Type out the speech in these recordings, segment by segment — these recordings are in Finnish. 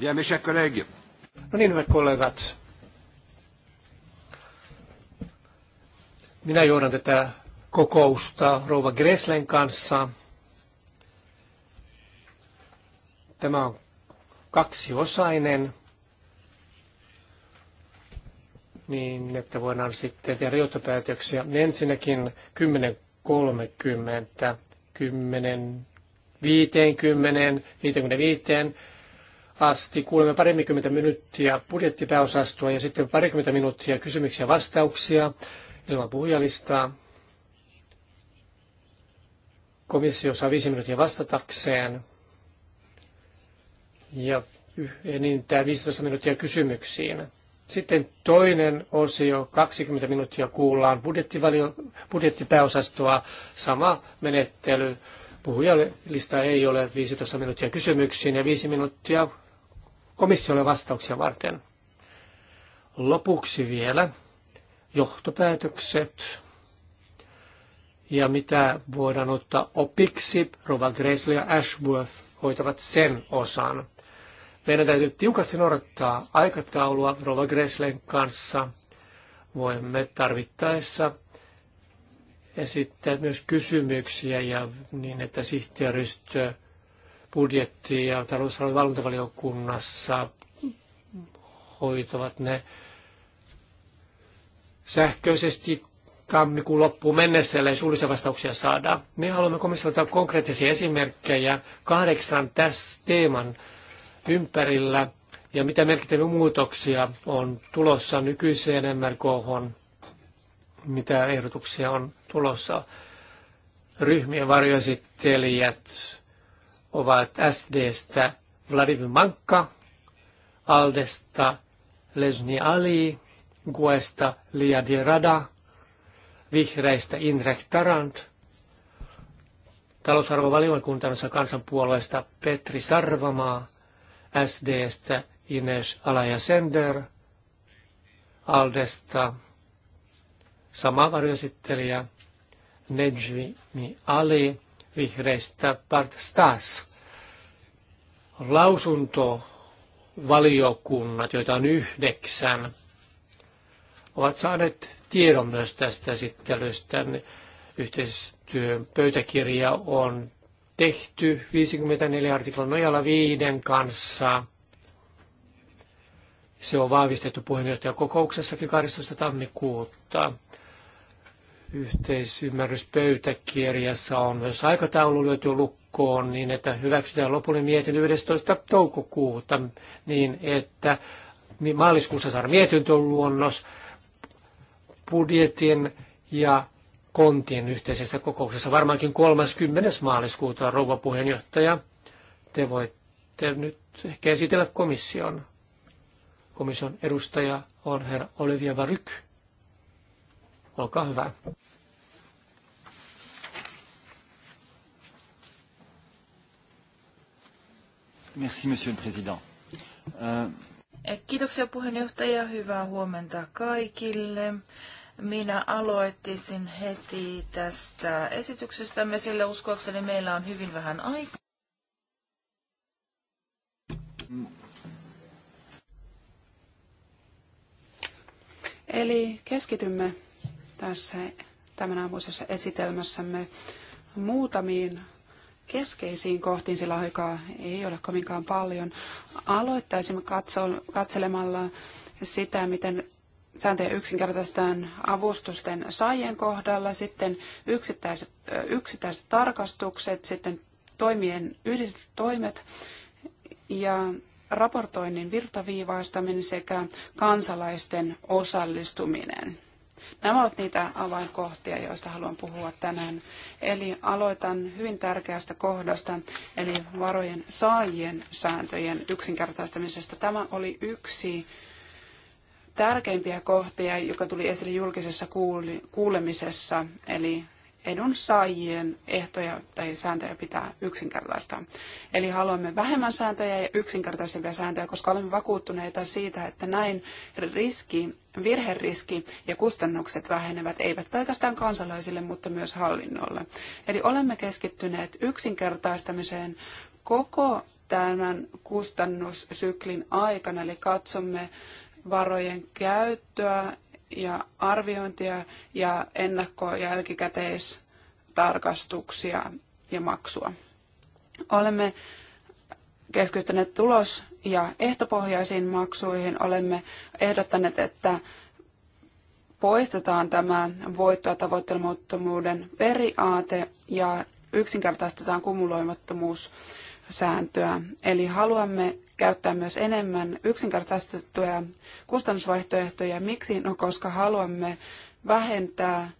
Bien, mes chers collègues. No niin, hyvät kollegat. Minä johdan tätä kokousta Rouva Greslen kanssa. Tämä on kaksiosainen, niin että voidaan sitten tehdä johtopäätöksiä. Ensinnäkin 10.30, 10, 55, asti. Kuulemme parikymmentä minuuttia budjettipääosastoa ja sitten parikymmentä minuuttia kysymyksiä ja vastauksia ilman puhujalistaa. Komissio saa viisi minuuttia vastatakseen ja enintään 15 minuuttia kysymyksiin. Sitten toinen osio, 20 minuuttia kuullaan budjettivalio, budjettipääosastoa, sama menettely. Puhujalista ei ole 15 minuuttia kysymyksiin ja 5 minuuttia komissiolle vastauksia varten. Lopuksi vielä johtopäätökset ja mitä voidaan ottaa opiksi. Rova Gressel ja Ashworth hoitavat sen osan. Meidän täytyy tiukasti noudattaa aikataulua Rova Gresslen kanssa. Voimme tarvittaessa esittää myös kysymyksiä ja niin, että sihteeristö budjetti- ja talousalueen valvontavaliokunnassa hoitavat ne sähköisesti tammikuun loppuun mennessä, ellei suullisia vastauksia saada. Me haluamme komissiolta konkreettisia esimerkkejä kahdeksan tässä teeman ympärillä ja mitä merkittäviä muutoksia on tulossa nykyiseen MRK, mitä ehdotuksia on tulossa. Ryhmien varjoesittelijät ovat SDstä Vladiv Manka, Aldesta Lesni Ali, Guesta Liadi Rada, Vihreistä Indrek Tarant, talousarvovaliokuntansa kansanpuolueesta Petri Sarvamaa, SDstä Ines Alaja Sender, Aldesta sama varjoesittelijä Ali, vihreistä Bart Stas. valiokunnat joita on yhdeksän, ovat saaneet tiedon myös tästä esittelystä. Yhteistyön pöytäkirja on tehty 54 artiklan nojalla viiden kanssa. Se on vahvistettu puheenjohtajakokouksessakin 12. tammikuuta yhteisymmärryspöytäkirjassa on myös aikataulu lyöty lukkoon niin, että hyväksytään lopullinen mietintö 11. toukokuuta niin, että maaliskuussa saadaan luonnos budjetin ja kontien yhteisessä kokouksessa. Varmaankin 30. maaliskuuta, rouva puheenjohtaja, te voitte nyt ehkä esitellä komission. Komission edustaja on herra Olivia Varyk. Olkaa hyvä. Merci, monsieur le président. Euh, Kiitoksia puheenjohtaja. Hyvää huomenta kaikille. Minä aloittisin heti tästä esityksestämme, sillä uskoakseni meillä on hyvin vähän aikaa. Eli keskitymme tässä tämän aamuisessa esitelmässämme muutamiin keskeisiin kohtiin, sillä aikaa ei ole kovinkaan paljon. Aloittaisimme katselemalla sitä, miten sääntöjä yksinkertaistetaan avustusten saajien kohdalla, sitten yksittäiset, yksittäiset tarkastukset, sitten toimien yhdistetyt toimet ja raportoinnin virtaviivaistaminen sekä kansalaisten osallistuminen. Nämä ovat niitä avainkohtia, joista haluan puhua tänään. Eli aloitan hyvin tärkeästä kohdasta, eli varojen saajien sääntöjen yksinkertaistamisesta. Tämä oli yksi tärkeimpiä kohtia, joka tuli esille julkisessa kuulemisessa, eli edunsaajien ehtoja tai sääntöjä pitää yksinkertaistaa. Eli haluamme vähemmän sääntöjä ja yksinkertaisempia sääntöjä, koska olemme vakuuttuneita siitä, että näin riski, virheriski ja kustannukset vähenevät eivät pelkästään kansalaisille, mutta myös hallinnolle. Eli olemme keskittyneet yksinkertaistamiseen koko tämän kustannussyklin aikana, eli katsomme varojen käyttöä ja arviointia ja ennakko- ja jälkikäteistarkastuksia ja maksua. Olemme keskittyneet tulos- ja ehtopohjaisiin maksuihin. Olemme ehdottaneet, että poistetaan tämä voittoa tavoittelemattomuuden periaate ja yksinkertaistetaan kumuloimattomuussääntöä. Eli haluamme käyttää myös enemmän yksinkertaistettuja kustannusvaihtoehtoja. Miksi? No koska haluamme vähentää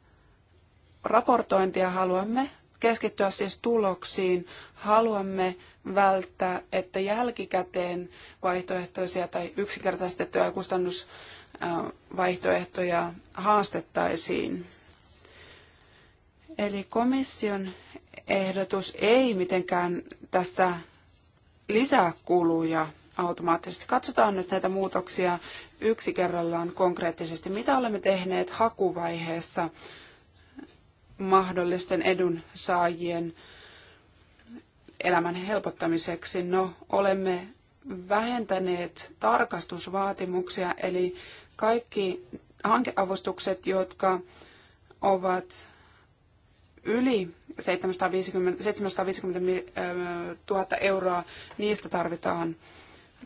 raportointia, haluamme keskittyä siis tuloksiin, haluamme välttää, että jälkikäteen vaihtoehtoisia tai yksinkertaistettuja kustannusvaihtoehtoja haastettaisiin. Eli komission ehdotus ei mitenkään tässä lisää kuluja automaattisesti. Katsotaan nyt näitä muutoksia yksi kerrallaan konkreettisesti. Mitä olemme tehneet hakuvaiheessa mahdollisten edunsaajien elämän helpottamiseksi? No, olemme vähentäneet tarkastusvaatimuksia, eli kaikki hankeavustukset, jotka ovat yli 750, 750 000 euroa, niistä tarvitaan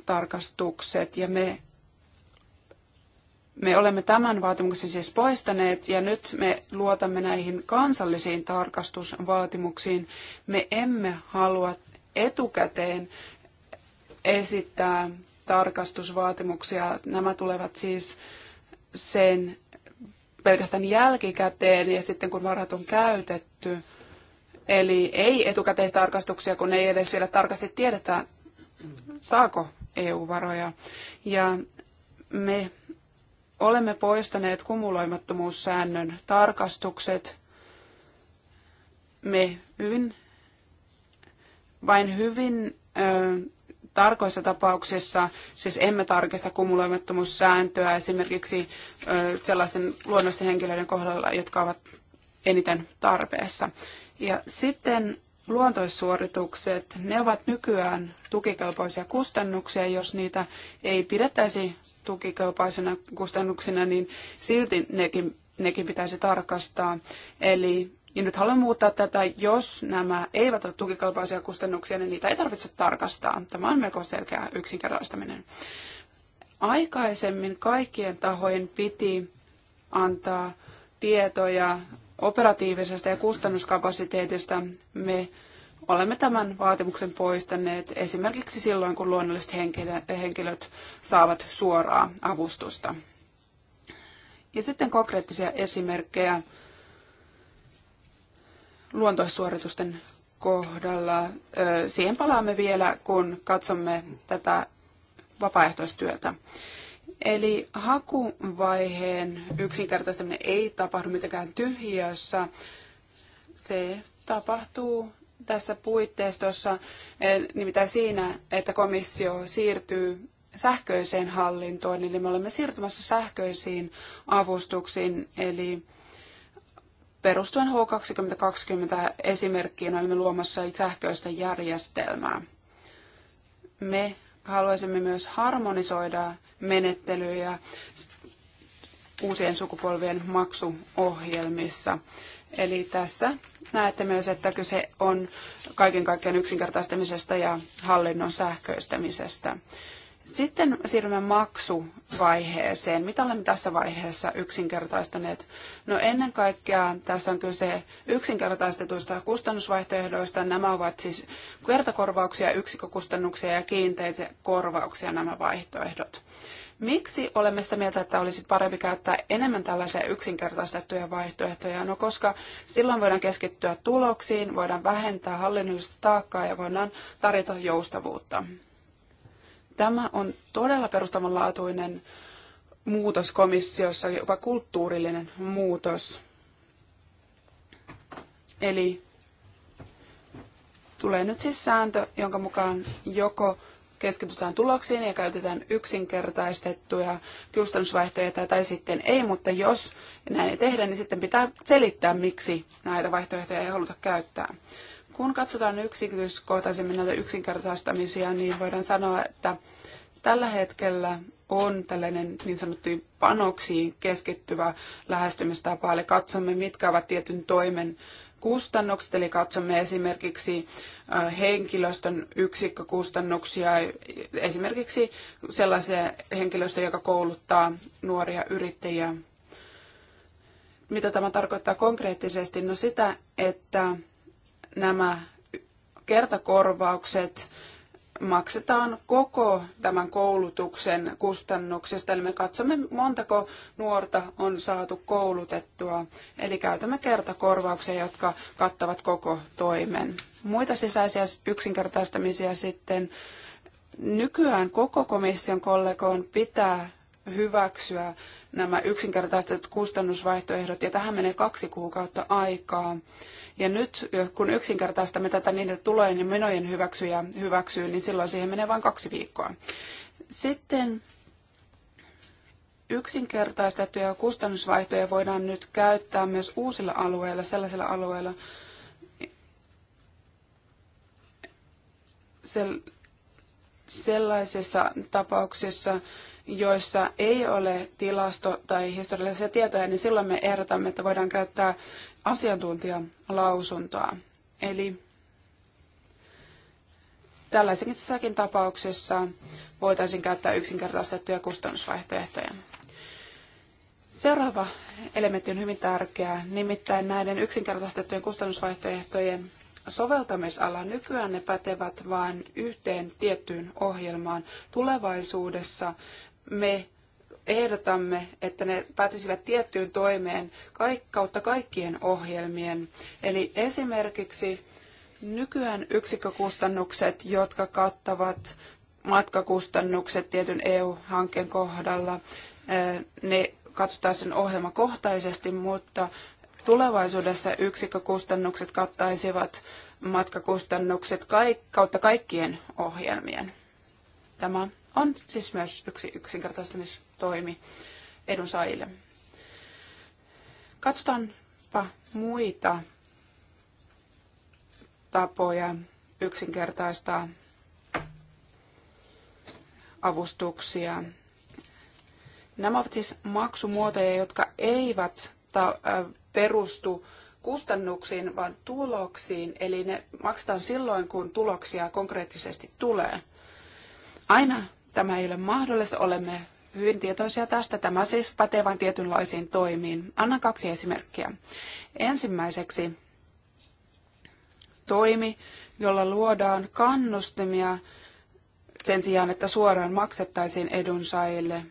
tarkastukset ja me, me olemme tämän vaatimuksen siis poistaneet ja nyt me luotamme näihin kansallisiin tarkastusvaatimuksiin. Me emme halua etukäteen esittää tarkastusvaatimuksia. Nämä tulevat siis sen pelkästään jälkikäteen ja sitten kun varat on käytetty. Eli ei etukäteistarkastuksia, kun ei edes vielä tarkasti tiedetä, saako EU-varoja. Ja me olemme poistaneet kumuloimattomuussäännön tarkastukset. Me hyvin, vain hyvin ö, tarkoissa tapauksissa, siis emme tarkista kumuloimattomuussääntöä esimerkiksi sellaisten luonnollisten henkilöiden kohdalla, jotka ovat eniten tarpeessa. Ja sitten luontoissuoritukset, ne ovat nykyään tukikelpoisia kustannuksia, jos niitä ei pidettäisi tukikelpoisena kustannuksina, niin silti nekin, nekin pitäisi tarkastaa. Eli ja nyt haluan muuttaa tätä, jos nämä eivät ole tukikelpoisia kustannuksia, niin niitä ei tarvitse tarkastaa. Tämä on melko selkeä yksinkertaistaminen. Aikaisemmin kaikkien tahojen piti antaa tietoja operatiivisesta ja kustannuskapasiteetista. Me olemme tämän vaatimuksen poistaneet esimerkiksi silloin, kun luonnolliset henkilöt saavat suoraa avustusta. Ja sitten konkreettisia esimerkkejä luontosuoritusten kohdalla. Siihen palaamme vielä, kun katsomme tätä vapaaehtoistyötä. Eli hakuvaiheen yksinkertaistaminen ei tapahdu mitenkään tyhjiössä. Se tapahtuu tässä puitteistossa, nimittäin siinä, että komissio siirtyy sähköiseen hallintoon, eli me olemme siirtymässä sähköisiin avustuksiin, eli perustuen H2020 esimerkkiin olemme luomassa sähköistä järjestelmää. Me haluaisimme myös harmonisoida menettelyjä uusien sukupolvien maksuohjelmissa. Eli tässä näette myös, että kyse on kaiken kaikkiaan yksinkertaistamisesta ja hallinnon sähköistämisestä. Sitten siirrymme maksuvaiheeseen. Mitä olemme tässä vaiheessa yksinkertaistaneet? No ennen kaikkea tässä on kyse yksinkertaistetuista kustannusvaihtoehdoista. Nämä ovat siis kertakorvauksia, yksikkökustannuksia ja kiinteitä korvauksia nämä vaihtoehdot. Miksi olemme sitä mieltä, että olisi parempi käyttää enemmän tällaisia yksinkertaistettuja vaihtoehtoja? No koska silloin voidaan keskittyä tuloksiin, voidaan vähentää hallinnollista taakkaa ja voidaan tarjota joustavuutta. Tämä on todella perustavanlaatuinen muutos komissiossa, jopa kulttuurillinen muutos. Eli tulee nyt siis sääntö, jonka mukaan joko keskitytään tuloksiin ja käytetään yksinkertaistettuja kustannusvaihtoehtoja tai sitten ei, mutta jos näin ei tehdä, niin sitten pitää selittää, miksi näitä vaihtoehtoja ei haluta käyttää. Kun katsotaan yksityiskohtaisemmin näitä yksinkertaistamisia, niin voidaan sanoa, että tällä hetkellä on tällainen niin sanottu panoksiin keskittyvä lähestymistapa, eli katsomme, mitkä ovat tietyn toimen kustannukset, eli katsomme esimerkiksi henkilöstön yksikkökustannuksia, esimerkiksi sellaisia henkilöstöä, joka kouluttaa nuoria yrittäjiä. Mitä tämä tarkoittaa konkreettisesti? No sitä, että nämä kertakorvaukset maksetaan koko tämän koulutuksen kustannuksesta. Eli me katsomme, montako nuorta on saatu koulutettua. Eli käytämme kertakorvauksia, jotka kattavat koko toimen. Muita sisäisiä yksinkertaistamisia sitten. Nykyään koko komission kollegoon pitää hyväksyä nämä yksinkertaistetut kustannusvaihtoehdot, ja tähän menee kaksi kuukautta aikaa. Ja nyt kun yksinkertaistamme tätä niin, että tulojen ja menojen hyväksyjä hyväksyy, niin silloin siihen menee vain kaksi viikkoa. Sitten yksinkertaistettuja kustannusvaihtoja voidaan nyt käyttää myös uusilla alueilla, sellaisilla alueilla, sellaisissa tapauksissa, joissa ei ole tilasto- tai historiallisia tietoja, niin silloin me ehdotamme, että voidaan käyttää asiantuntijalausuntoa. Eli tällaisenkin tapauksessa voitaisiin käyttää yksinkertaistettuja kustannusvaihtoehtoja. Seuraava elementti on hyvin tärkeä, nimittäin näiden yksinkertaistettujen kustannusvaihtoehtojen soveltamisala. Nykyään ne pätevät vain yhteen tiettyyn ohjelmaan. Tulevaisuudessa me ehdotamme, että ne pääsisivät tiettyyn toimeen kautta kaikkien ohjelmien. Eli esimerkiksi nykyään yksikkökustannukset, jotka kattavat matkakustannukset tietyn EU-hankkeen kohdalla, eh, ne katsotaan sen ohjelmakohtaisesti, mutta tulevaisuudessa yksikkökustannukset kattaisivat matkakustannukset kautta kaikkien ohjelmien. Tämä on siis myös yksi yksinkertaistamistoimi toimi edunsaajille. Katsotaanpa muita tapoja yksinkertaistaa avustuksia. Nämä ovat siis maksumuotoja, jotka eivät äh, perustu kustannuksiin, vaan tuloksiin, eli ne maksetaan silloin, kun tuloksia konkreettisesti tulee. Aina tämä ei ole mahdollista, olemme hyvin tietoisia tästä. Tämä siis pätee vain tietynlaisiin toimiin. Annan kaksi esimerkkiä. Ensimmäiseksi toimi, jolla luodaan kannustimia sen sijaan, että suoraan maksettaisiin edunsaajille.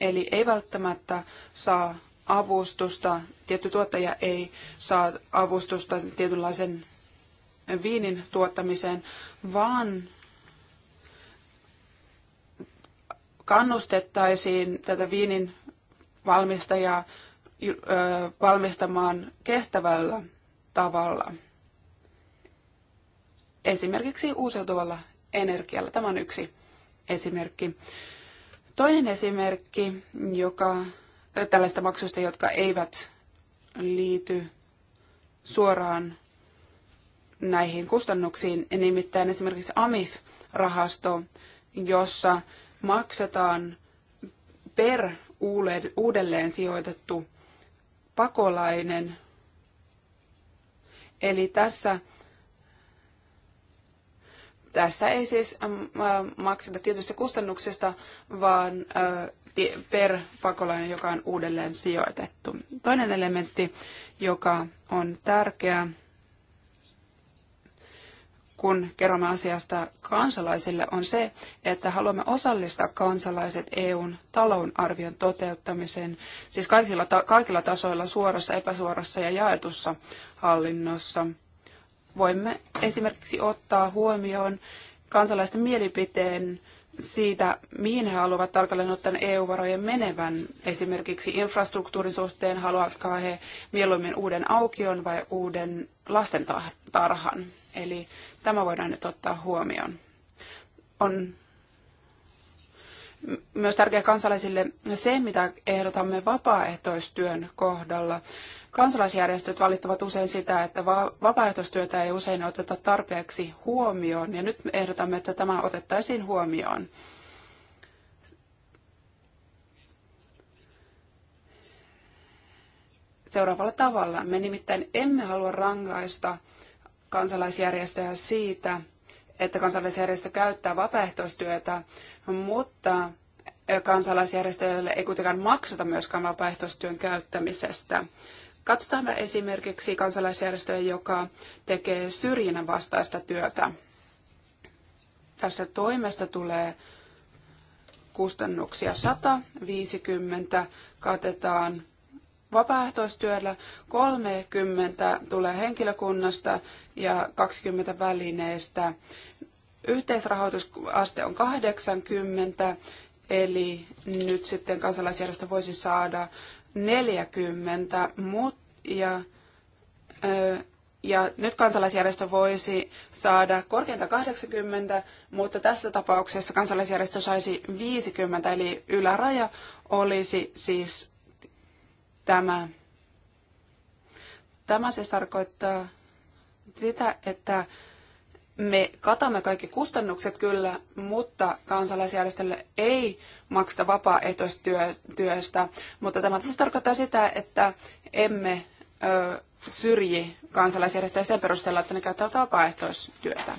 Eli ei välttämättä saa avustusta, tietty tuottaja ei saa avustusta tietynlaisen viinin tuottamiseen, vaan kannustettaisiin tätä viinin valmistajaa valmistamaan kestävällä tavalla. Esimerkiksi uusiutuvalla energialla. Tämä on yksi esimerkki. Toinen esimerkki, joka tällaista maksusta, jotka eivät liity suoraan näihin kustannuksiin, nimittäin esimerkiksi AMIF-rahasto, jossa maksetaan per uudelleen sijoitettu pakolainen. Eli tässä, tässä ei siis ähm, äh, makseta tietystä kustannuksesta vaan äh, per pakolainen, joka on uudelleen sijoitettu. Toinen elementti, joka on tärkeä, kun kerromme asiasta kansalaisille, on se, että haluamme osallistaa kansalaiset EUn talonarvion toteuttamiseen, siis kaikilla, kaikilla tasoilla suorassa, epäsuorassa ja jaetussa hallinnossa. Voimme esimerkiksi ottaa huomioon kansalaisten mielipiteen siitä, mihin he haluavat tarkalleen ottaen EU-varojen menevän. Esimerkiksi infrastruktuurin suhteen, haluavatko he mieluummin uuden aukion vai uuden lastentarhan. Eli tämä voidaan nyt ottaa huomioon. On myös tärkeää kansalaisille se, mitä ehdotamme vapaaehtoistyön kohdalla. Kansalaisjärjestöt valittavat usein sitä, että vapaaehtoistyötä ei usein oteta tarpeeksi huomioon, ja nyt me ehdotamme, että tämä otettaisiin huomioon. Seuraavalla tavalla. Me nimittäin emme halua rangaista kansalaisjärjestöjä siitä, että kansalaisjärjestö käyttää vapaaehtoistyötä, mutta kansalaisjärjestöille ei kuitenkaan makseta myöskään vapaaehtoistyön käyttämisestä. Katsotaanpa esimerkiksi kansalaisjärjestöä, joka tekee syrjinnän vastaista työtä. Tässä toimesta tulee kustannuksia 150, katetaan Vapaaehtoistyöllä 30 tulee henkilökunnasta ja 20 välineestä. Yhteisrahoitusaste on 80, eli nyt sitten kansalaisjärjestö voisi saada 40, mut, ja, ja nyt kansalaisjärjestö voisi saada korkeinta 80, mutta tässä tapauksessa kansalaisjärjestö saisi 50, eli yläraja olisi siis tämä. Tämä siis tarkoittaa sitä, että me katamme kaikki kustannukset kyllä, mutta kansalaisjärjestölle ei makseta vapaaehtoistyöstä. Mutta tämä siis tarkoittaa sitä, että emme ö, syrji kansalaisjärjestöjä sen perusteella, että ne käyttävät vapaaehtoistyötä.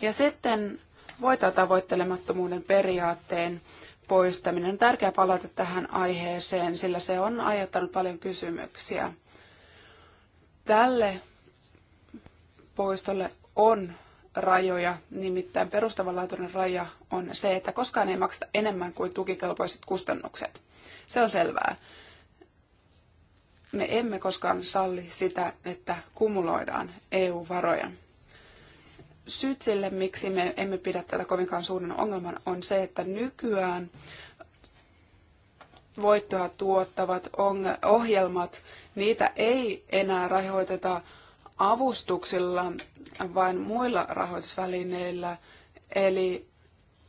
Ja sitten voittaa tavoittelemattomuuden periaatteen poistaminen. On tärkeää palata tähän aiheeseen, sillä se on aiheuttanut paljon kysymyksiä. Tälle poistolle on rajoja, nimittäin perustavanlaatuinen raja on se, että koskaan ei makseta enemmän kuin tukikelpoiset kustannukset. Se on selvää. Me emme koskaan salli sitä, että kumuloidaan EU-varoja syyt sille, miksi me emme pidä tätä kovinkaan suurena ongelman, on se, että nykyään voittoa tuottavat ohjelmat, niitä ei enää rahoiteta avustuksilla, vaan muilla rahoitusvälineillä. Eli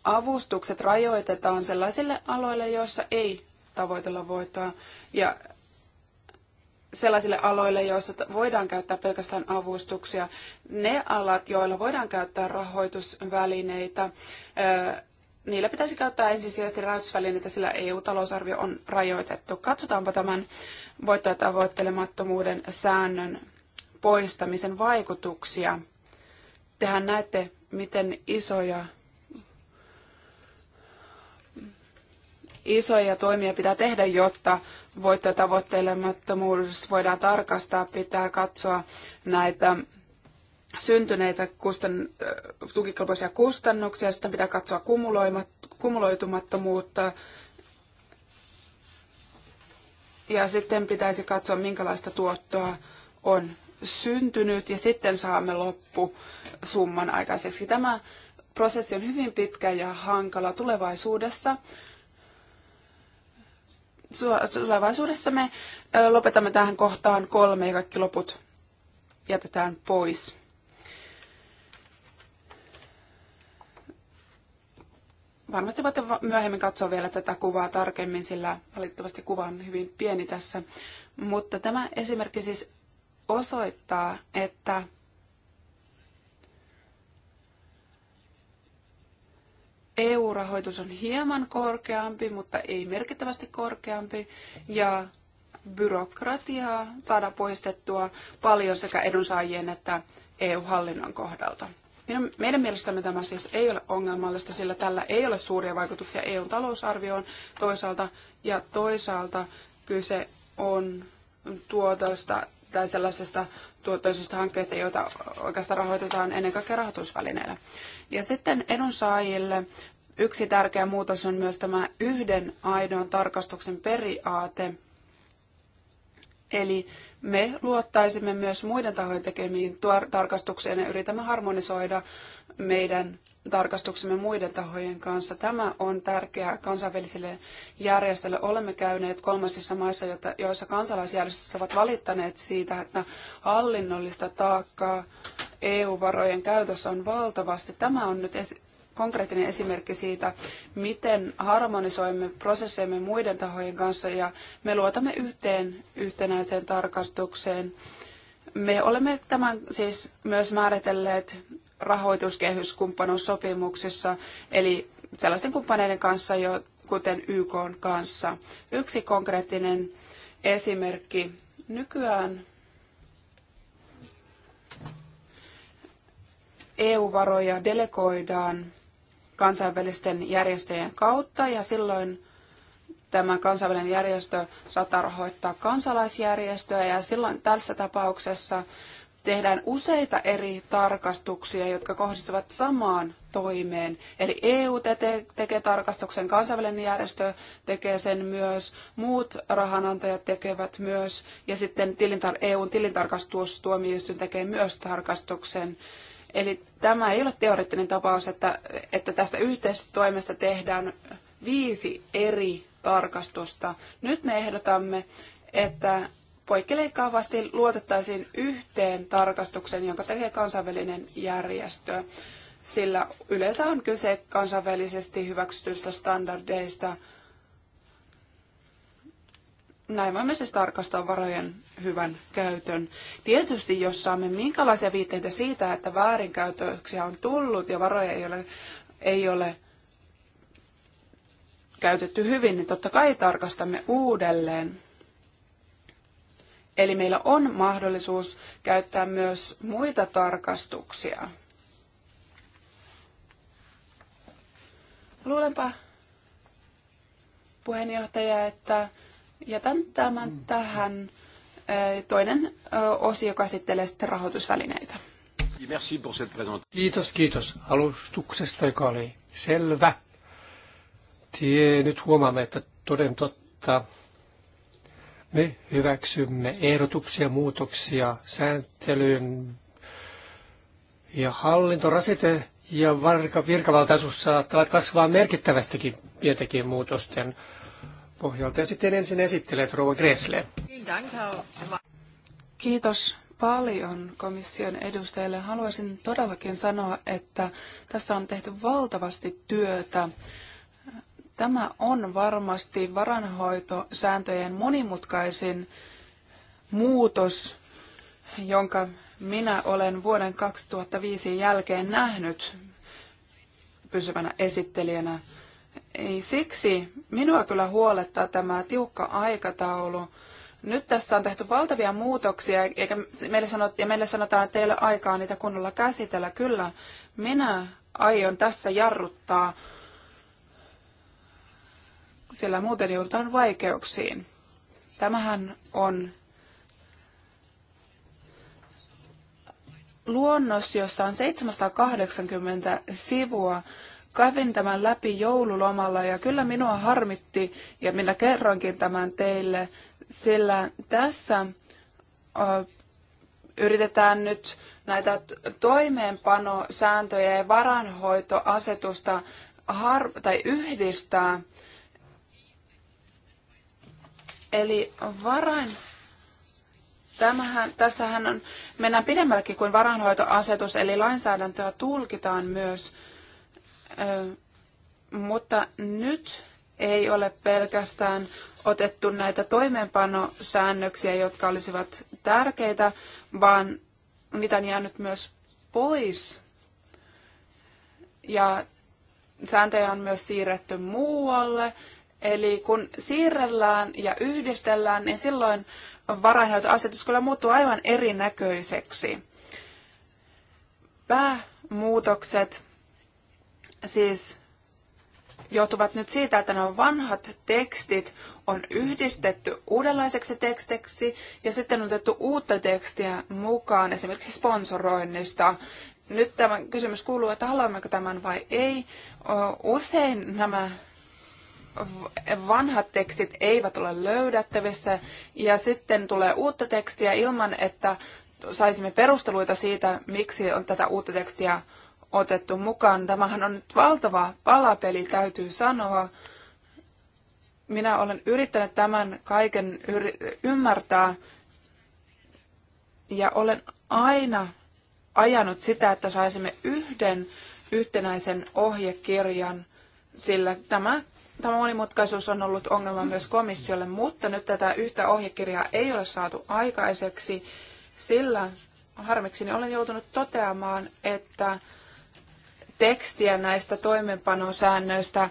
avustukset rajoitetaan sellaisille aloille, joissa ei tavoitella voittoa. Ja sellaisille aloille, joissa voidaan käyttää pelkästään avustuksia. Ne alat, joilla voidaan käyttää rahoitusvälineitä, niillä pitäisi käyttää ensisijaisesti rahoitusvälineitä, sillä EU-talousarvio on rajoitettu. Katsotaanpa tämän tavoittelemattomuuden säännön poistamisen vaikutuksia. Tehän näette, miten isoja isoja toimia pitää tehdä, jotta voittotavoittelemattomuus voidaan tarkastaa, pitää katsoa näitä syntyneitä kustan, äh, tukikelpoisia kustannuksia, sitten pitää katsoa kumuloitumattomuutta, ja sitten pitäisi katsoa, minkälaista tuottoa on syntynyt, ja sitten saamme loppusumman aikaiseksi. Tämä prosessi on hyvin pitkä ja hankala tulevaisuudessa tulevaisuudessa me lopetamme tähän kohtaan kolme ja kaikki loput jätetään pois. Varmasti voitte myöhemmin katsoa vielä tätä kuvaa tarkemmin, sillä valitettavasti kuva on hyvin pieni tässä. Mutta tämä esimerkki siis osoittaa, että EU-rahoitus on hieman korkeampi, mutta ei merkittävästi korkeampi, ja byrokratiaa saada poistettua paljon sekä edunsaajien että EU-hallinnon kohdalta. Minun, meidän mielestämme tämä siis ei ole ongelmallista, sillä tällä ei ole suuria vaikutuksia EUn talousarvioon toisaalta, ja toisaalta kyse on tuotosta tai sellaisesta tuottoisista hankkeista, joita oikeastaan rahoitetaan ennen kaikkea rahoitusvälineillä. Ja sitten edunsaajille yksi tärkeä muutos on myös tämä yhden aidon tarkastuksen periaate. Eli me luottaisimme myös muiden tahojen tekemiin tarkastukseen ja yritämme harmonisoida meidän tarkastuksemme muiden tahojen kanssa. Tämä on tärkeää kansainvälisille järjestöille. Olemme käyneet kolmansissa maissa, joissa kansalaisjärjestöt ovat valittaneet siitä, että hallinnollista taakkaa EU-varojen käytössä on valtavasti. Tämä on nyt konkreettinen esimerkki siitä, miten harmonisoimme prosesseemme muiden tahojen kanssa ja me luotamme yhteen yhtenäiseen tarkastukseen. Me olemme tämän siis myös määritelleet rahoituskehyskumppanuussopimuksissa, eli sellaisten kumppaneiden kanssa, jo, kuten YK kanssa. Yksi konkreettinen esimerkki nykyään EU-varoja delegoidaan kansainvälisten järjestöjen kautta ja silloin tämä kansainvälinen järjestö saattaa rahoittaa kansalaisjärjestöä ja silloin tässä tapauksessa tehdään useita eri tarkastuksia, jotka kohdistuvat samaan toimeen. Eli EU tekee tarkastuksen, kansainvälinen järjestö tekee sen myös, muut rahanantajat tekevät myös, ja sitten tilintar- EUn tilintarkastustuomioistuin tekee myös tarkastuksen. Eli tämä ei ole teoreettinen tapaus, että, että tästä yhteisestä toimesta tehdään viisi eri tarkastusta. Nyt me ehdotamme, että poikkileikkaavasti luotettaisiin yhteen tarkastukseen, jonka tekee kansainvälinen järjestö, sillä yleensä on kyse kansainvälisesti hyväksytyistä standardeista. Näin voimme siis tarkastaa varojen hyvän käytön. Tietysti jos saamme minkälaisia viitteitä siitä, että väärinkäytöksiä on tullut ja varoja ei ole, ei ole käytetty hyvin, niin totta kai tarkastamme uudelleen Eli meillä on mahdollisuus käyttää myös muita tarkastuksia. Luulenpa, puheenjohtaja, että jätän tämän tähän. Eh, toinen eh, osio käsittelee sitten rahoitusvälineitä. Kiitos, kiitos alustuksesta, joka oli selvä. Tie, nyt huomaamme, että toden totta me hyväksymme ehdotuksia, muutoksia sääntelyyn ja hallintorasite ja virkavaltaisuus saattavat kasvaa merkittävästikin pientäkin muutosten pohjalta. Ja sitten ensin esittelee Rouva Gressle. Kiitos paljon komission edustajille. Haluaisin todellakin sanoa, että tässä on tehty valtavasti työtä Tämä on varmasti varanhoitosääntöjen monimutkaisin muutos, jonka minä olen vuoden 2005 jälkeen nähnyt pysyvänä esittelijänä. Ei siksi minua kyllä huolettaa tämä tiukka aikataulu. Nyt tässä on tehty valtavia muutoksia, eikä meille sanot, ja meille sanotaan, että ei ole aikaa niitä kunnolla käsitellä. Kyllä, minä aion tässä jarruttaa sillä muuten joudutaan vaikeuksiin. Tämähän on luonnos, jossa on 780 sivua. Kävin tämän läpi joululomalla ja kyllä minua harmitti ja minä kerroinkin tämän teille, sillä tässä ö, yritetään nyt näitä toimeenpanosääntöjä ja varanhoitoasetusta har- tai yhdistää – Eli varain, tämähän, tässähän on, mennään pidemmällekin kuin varainhoitoasetus, eli lainsäädäntöä tulkitaan myös, ö, mutta nyt ei ole pelkästään otettu näitä toimeenpanosäännöksiä, jotka olisivat tärkeitä, vaan niitä on jäänyt myös pois. Ja sääntöjä on myös siirretty muualle Eli kun siirrellään ja yhdistellään, niin silloin varainhoitoasetus kyllä muuttuu aivan erinäköiseksi. Päämuutokset siis johtuvat nyt siitä, että nämä vanhat tekstit on yhdistetty uudenlaiseksi tekstiksi ja sitten on otettu uutta tekstiä mukaan esimerkiksi sponsoroinnista. Nyt tämä kysymys kuuluu, että haluammeko tämän vai ei. Usein nämä vanhat tekstit eivät ole löydettävissä ja sitten tulee uutta tekstiä ilman, että saisimme perusteluita siitä, miksi on tätä uutta tekstiä otettu mukaan. Tämähän on nyt valtava palapeli, täytyy sanoa. Minä olen yrittänyt tämän kaiken ymmärtää ja olen aina ajanut sitä, että saisimme yhden yhtenäisen ohjekirjan, sillä tämä Tämä monimutkaisuus on ollut ongelma myös komissiolle, mutta nyt tätä yhtä ohjekirjaa ei ole saatu aikaiseksi, sillä harmikseni olen joutunut toteamaan, että tekstiä näistä toimeenpanosäännöistä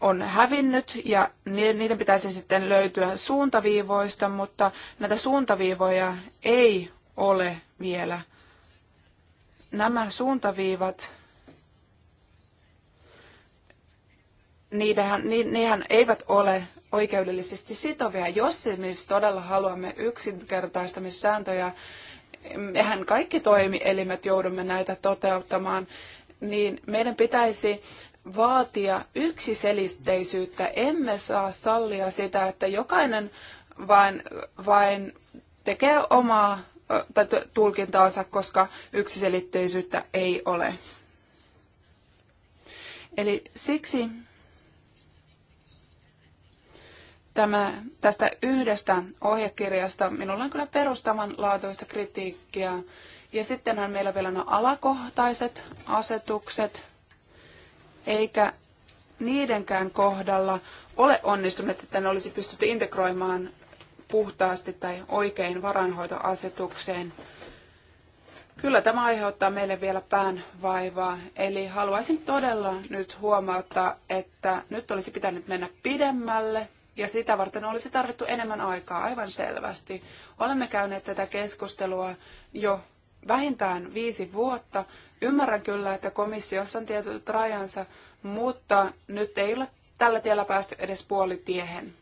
on hävinnyt ja niiden pitäisi sitten löytyä suuntaviivoista, mutta näitä suuntaviivoja ei ole vielä. Nämä suuntaviivat niidenhän, ni, nehän eivät ole oikeudellisesti sitovia, jos siis todella haluamme yksinkertaistamissääntöjä, mehän kaikki toimielimet joudumme näitä toteuttamaan, niin meidän pitäisi vaatia yksiselitteisyyttä. Emme saa sallia sitä, että jokainen vain, vain tekee omaa tai tulkintaansa, koska yksiselitteisyyttä ei ole. Eli siksi tämä, tästä yhdestä ohjekirjasta. Minulla on kyllä perustavanlaatuista kritiikkiä. Ja sittenhän meillä vielä on alakohtaiset asetukset, eikä niidenkään kohdalla ole onnistunut, että ne olisi pystytty integroimaan puhtaasti tai oikein varainhoitoasetukseen. Kyllä tämä aiheuttaa meille vielä pään vaivaa, eli haluaisin todella nyt huomauttaa, että nyt olisi pitänyt mennä pidemmälle ja sitä varten olisi tarvittu enemmän aikaa aivan selvästi. Olemme käyneet tätä keskustelua jo vähintään viisi vuotta. Ymmärrän kyllä, että komissiossa on tietyt rajansa, mutta nyt ei ole tällä tiellä päästy edes puolitiehen.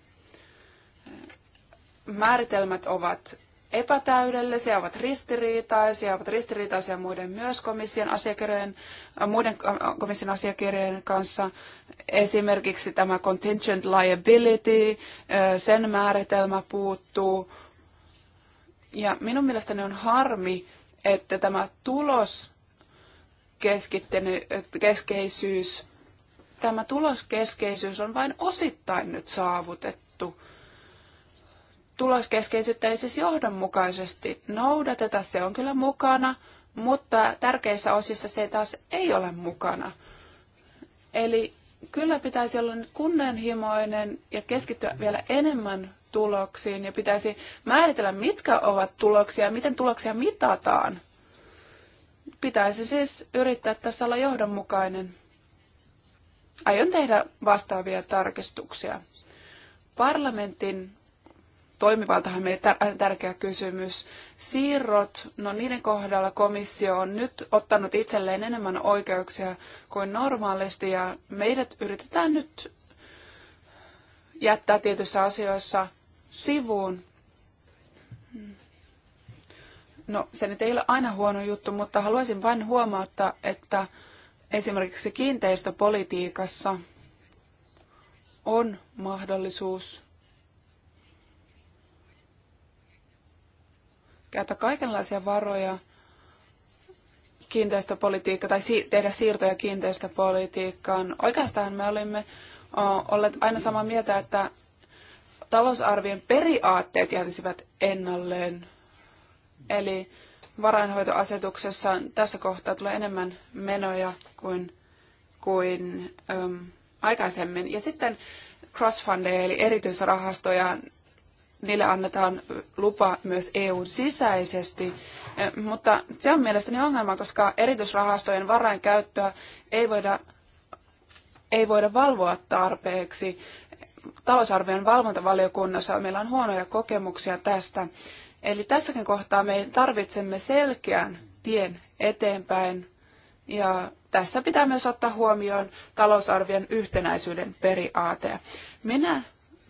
Määritelmät ovat epätäydellisiä, ovat ristiriitaisia, ovat ristiriitaisia muiden myös komission asiakirjojen, äh, muiden äh, komission asiakirjojen kanssa. Esimerkiksi tämä contingent liability, äh, sen määritelmä puuttuu. Ja minun mielestäni on harmi, että tämä tulos keskeisyys, tämä tuloskeskeisyys on vain osittain nyt saavutettu tuloskeskeisyyttä ei siis johdonmukaisesti noudateta. Se on kyllä mukana, mutta tärkeissä osissa se taas ei ole mukana. Eli kyllä pitäisi olla nyt kunnianhimoinen ja keskittyä vielä enemmän tuloksiin ja pitäisi määritellä, mitkä ovat tuloksia ja miten tuloksia mitataan. Pitäisi siis yrittää tässä olla johdonmukainen. Aion tehdä vastaavia tarkistuksia. Parlamentin toimivaltahan meille tärkeä kysymys. Siirrot, no niiden kohdalla komissio on nyt ottanut itselleen enemmän oikeuksia kuin normaalisti ja meidät yritetään nyt jättää tietyissä asioissa sivuun. No se nyt ei ole aina huono juttu, mutta haluaisin vain huomauttaa, että esimerkiksi kiinteistöpolitiikassa on mahdollisuus käyttää kaikenlaisia varoja kiinteistöpolitiikka tai si- tehdä siirtoja kiinteistöpolitiikkaan. Oikeastaan me olimme o, olleet aina samaa mieltä, että talousarvion periaatteet jätisivät ennalleen. Eli varainhoitoasetuksessa tässä kohtaa tulee enemmän menoja kuin, kuin äm, aikaisemmin. Ja sitten crossfundeja eli erityisrahastoja, niille annetaan lupa myös EUn sisäisesti. Eh, mutta se on mielestäni ongelma, koska erityisrahastojen varainkäyttöä ei voida, ei voida valvoa tarpeeksi. Talousarvion valvontavaliokunnassa meillä on huonoja kokemuksia tästä. Eli tässäkin kohtaa me tarvitsemme selkeän tien eteenpäin. Ja tässä pitää myös ottaa huomioon talousarvion yhtenäisyyden periaate. Minä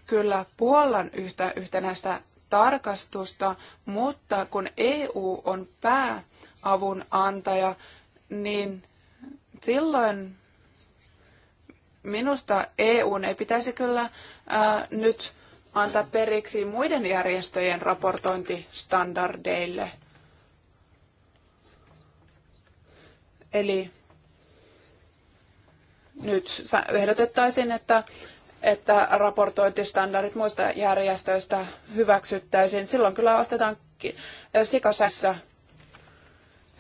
kyllä puollan yhtä yhtenäistä tarkastusta, mutta kun EU on pääavun antaja, niin silloin minusta EUn ei pitäisi kyllä ää, nyt antaa periksi muiden järjestöjen raportointistandardeille. Eli nyt ehdotettaisiin, että että raportointistandardit muista järjestöistä hyväksyttäisiin. Silloin kyllä ostetaan sikasässä.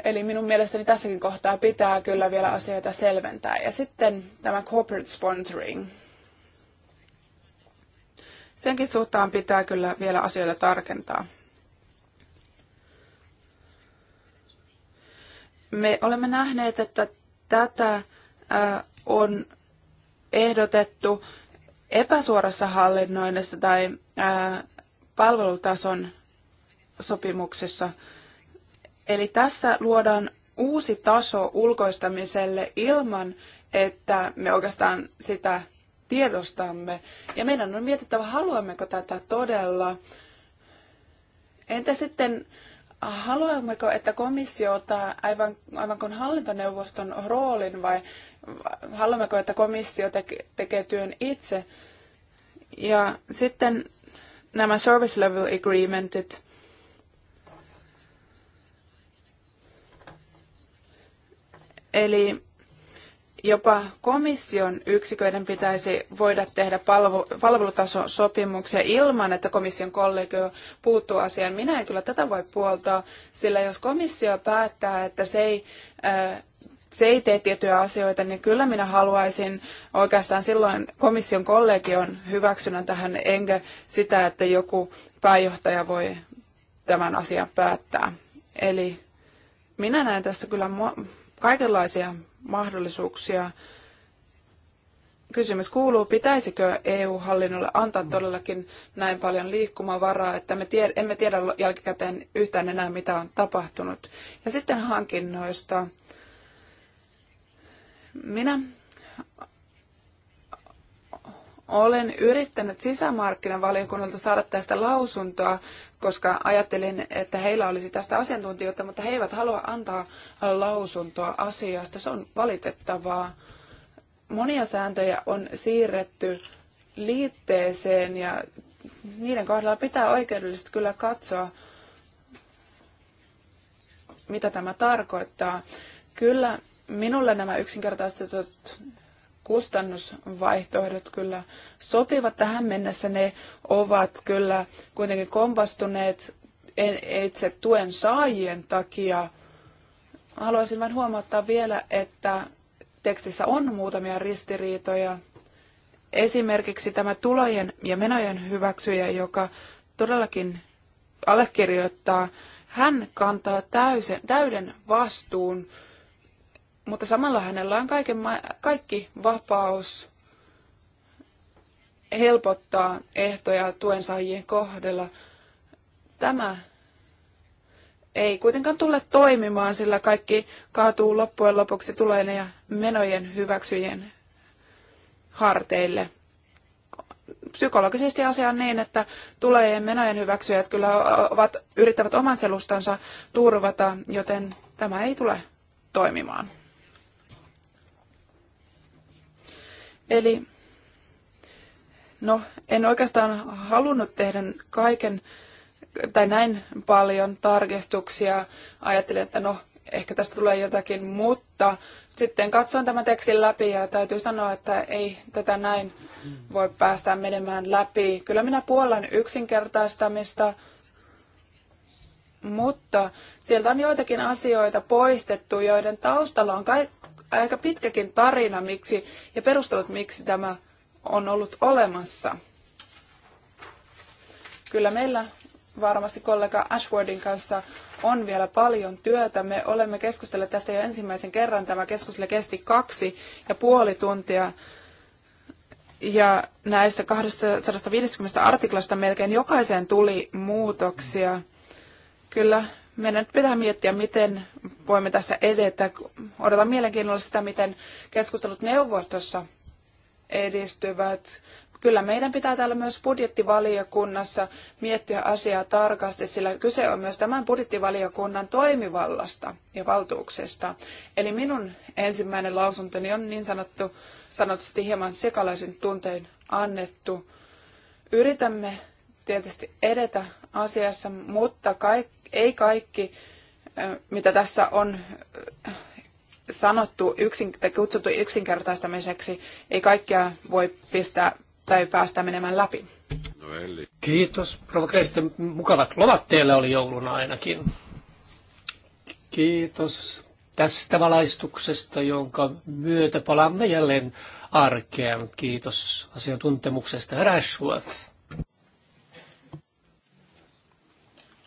Eli minun mielestäni tässäkin kohtaa pitää kyllä vielä asioita selventää. Ja sitten tämä corporate sponsoring. Senkin suhtaan pitää kyllä vielä asioita tarkentaa. Me olemme nähneet, että tätä on ehdotettu epäsuorassa hallinnoinnissa tai ää, palvelutason sopimuksissa. Eli tässä luodaan uusi taso ulkoistamiselle ilman, että me oikeastaan sitä tiedostamme. Ja meidän on mietittävä, haluammeko tätä todella. Entä sitten, haluammeko, että komissio ottaa aivan, aivan kuin hallintoneuvoston roolin vai haluammeko, että komissio tekee työn itse. Ja sitten nämä service level agreementit. Eli jopa komission yksiköiden pitäisi voida tehdä palvelutasosopimuksia ilman, että komission kollegio puuttuu asiaan. Minä en kyllä tätä voi puoltaa, sillä jos komissio päättää, että se ei äh, se ei tee tiettyjä asioita, niin kyllä minä haluaisin oikeastaan silloin komission kollegion hyväksynnän tähän, enkä sitä, että joku pääjohtaja voi tämän asian päättää. Eli minä näen tässä kyllä kaikenlaisia mahdollisuuksia. Kysymys kuuluu, pitäisikö EU-hallinnolle antaa todellakin näin paljon liikkumavaraa, että me tie- emme tiedä jälkikäteen yhtään enää, mitä on tapahtunut. Ja sitten hankinnoista minä olen yrittänyt sisämarkkinavaliokunnalta saada tästä lausuntoa, koska ajattelin, että heillä olisi tästä asiantuntijoita, mutta he eivät halua antaa lausuntoa asiasta. Se on valitettavaa. Monia sääntöjä on siirretty liitteeseen ja niiden kohdalla pitää oikeudellisesti kyllä katsoa, mitä tämä tarkoittaa. Kyllä Minulle nämä yksinkertaistetut kustannusvaihtoehdot kyllä sopivat tähän mennessä. Ne ovat kyllä kuitenkin kompastuneet itse tuen saajien takia. Haluaisin vain huomauttaa vielä, että tekstissä on muutamia ristiriitoja. Esimerkiksi tämä tulojen ja menojen hyväksyjä, joka todellakin allekirjoittaa, hän kantaa täysen, täyden vastuun mutta samalla hänellä on kaiken, kaikki vapaus helpottaa ehtoja saajien kohdella. Tämä ei kuitenkaan tule toimimaan, sillä kaikki kaatuu loppujen lopuksi tuleen ja menojen hyväksyjien harteille. Psykologisesti asia on niin, että tulojen menojen hyväksyjät kyllä ovat, yrittävät oman selustansa turvata, joten tämä ei tule toimimaan. Eli no, en oikeastaan halunnut tehdä kaiken tai näin paljon tarkistuksia. Ajattelin, että no, ehkä tästä tulee jotakin, mutta sitten katsoin tämän tekstin läpi ja täytyy sanoa, että ei tätä näin voi päästä menemään läpi. Kyllä minä puolan yksinkertaistamista, mutta sieltä on joitakin asioita poistettu, joiden taustalla on aika pitkäkin tarina miksi, ja perustelut, miksi tämä on ollut olemassa. Kyllä meillä varmasti kollega Ashwardin kanssa on vielä paljon työtä. Me olemme keskustelleet tästä jo ensimmäisen kerran. Tämä keskustelu kesti kaksi ja puoli tuntia. Ja näistä 250 artiklasta melkein jokaiseen tuli muutoksia. Kyllä meidän nyt pitää miettiä, miten voimme tässä edetä. Odotan mielenkiinnolla sitä, miten keskustelut neuvostossa edistyvät. Kyllä meidän pitää täällä myös budjettivaliokunnassa miettiä asiaa tarkasti, sillä kyse on myös tämän budjettivaliokunnan toimivallasta ja valtuuksista. Eli minun ensimmäinen lausuntoni on niin sanottu, sanotusti hieman sekalaisin tuntein annettu. Yritämme tietysti edetä asiassa, mutta kaik, ei kaikki, mitä tässä on sanottu yksin, tai kutsuttu yksinkertaistamiseksi, ei kaikkea voi pistää tai päästä menemään läpi. Noeli. Kiitos. Provokeista mukavat lovat teillä oli jouluna ainakin. Kiitos tästä valaistuksesta, jonka myötä palaamme jälleen arkeen. Kiitos asiantuntemuksesta. Rashworth.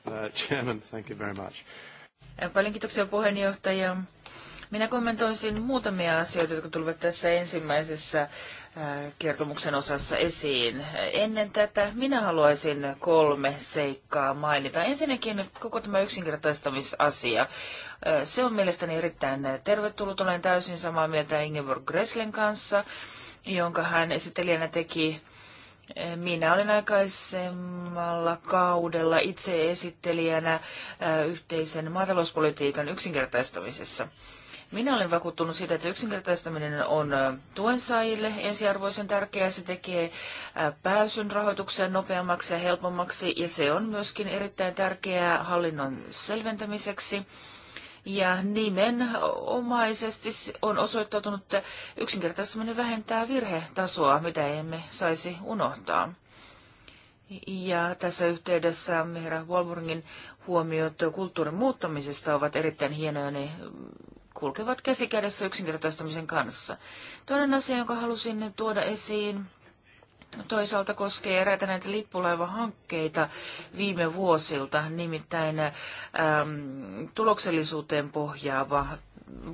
Uh, Chairman. Thank you very much. Äh, paljon kiitoksia puheenjohtaja. Minä kommentoisin muutamia asioita, jotka tulivat tässä ensimmäisessä äh, kertomuksen osassa esiin. Ennen tätä minä haluaisin kolme seikkaa mainita. Ensinnäkin koko tämä yksinkertaistamisasia. Äh, se on mielestäni erittäin tervetullut. Olen täysin samaa mieltä Ingeborg Gräslen kanssa, jonka hän esittelijänä teki minä olin aikaisemmalla kaudella itse esittelijänä yhteisen maatalouspolitiikan yksinkertaistamisessa. Minä olen vakuuttunut siitä, että yksinkertaistaminen on tuensaajille ensiarvoisen tärkeää. Se tekee pääsyn rahoitukseen nopeammaksi ja helpommaksi ja se on myöskin erittäin tärkeää hallinnon selventämiseksi ja nimenomaisesti on osoittautunut, että yksinkertaistaminen vähentää virhetasoa, mitä emme saisi unohtaa. Ja tässä yhteydessä herra Walburgin huomiot kulttuurin muuttamisesta ovat erittäin hienoja. Ne kulkevat käsikädessä yksinkertaistamisen kanssa. Toinen asia, jonka halusin tuoda esiin, toisaalta koskee eräitä näitä lippulaivahankkeita viime vuosilta, nimittäin äm, tuloksellisuuteen pohjaava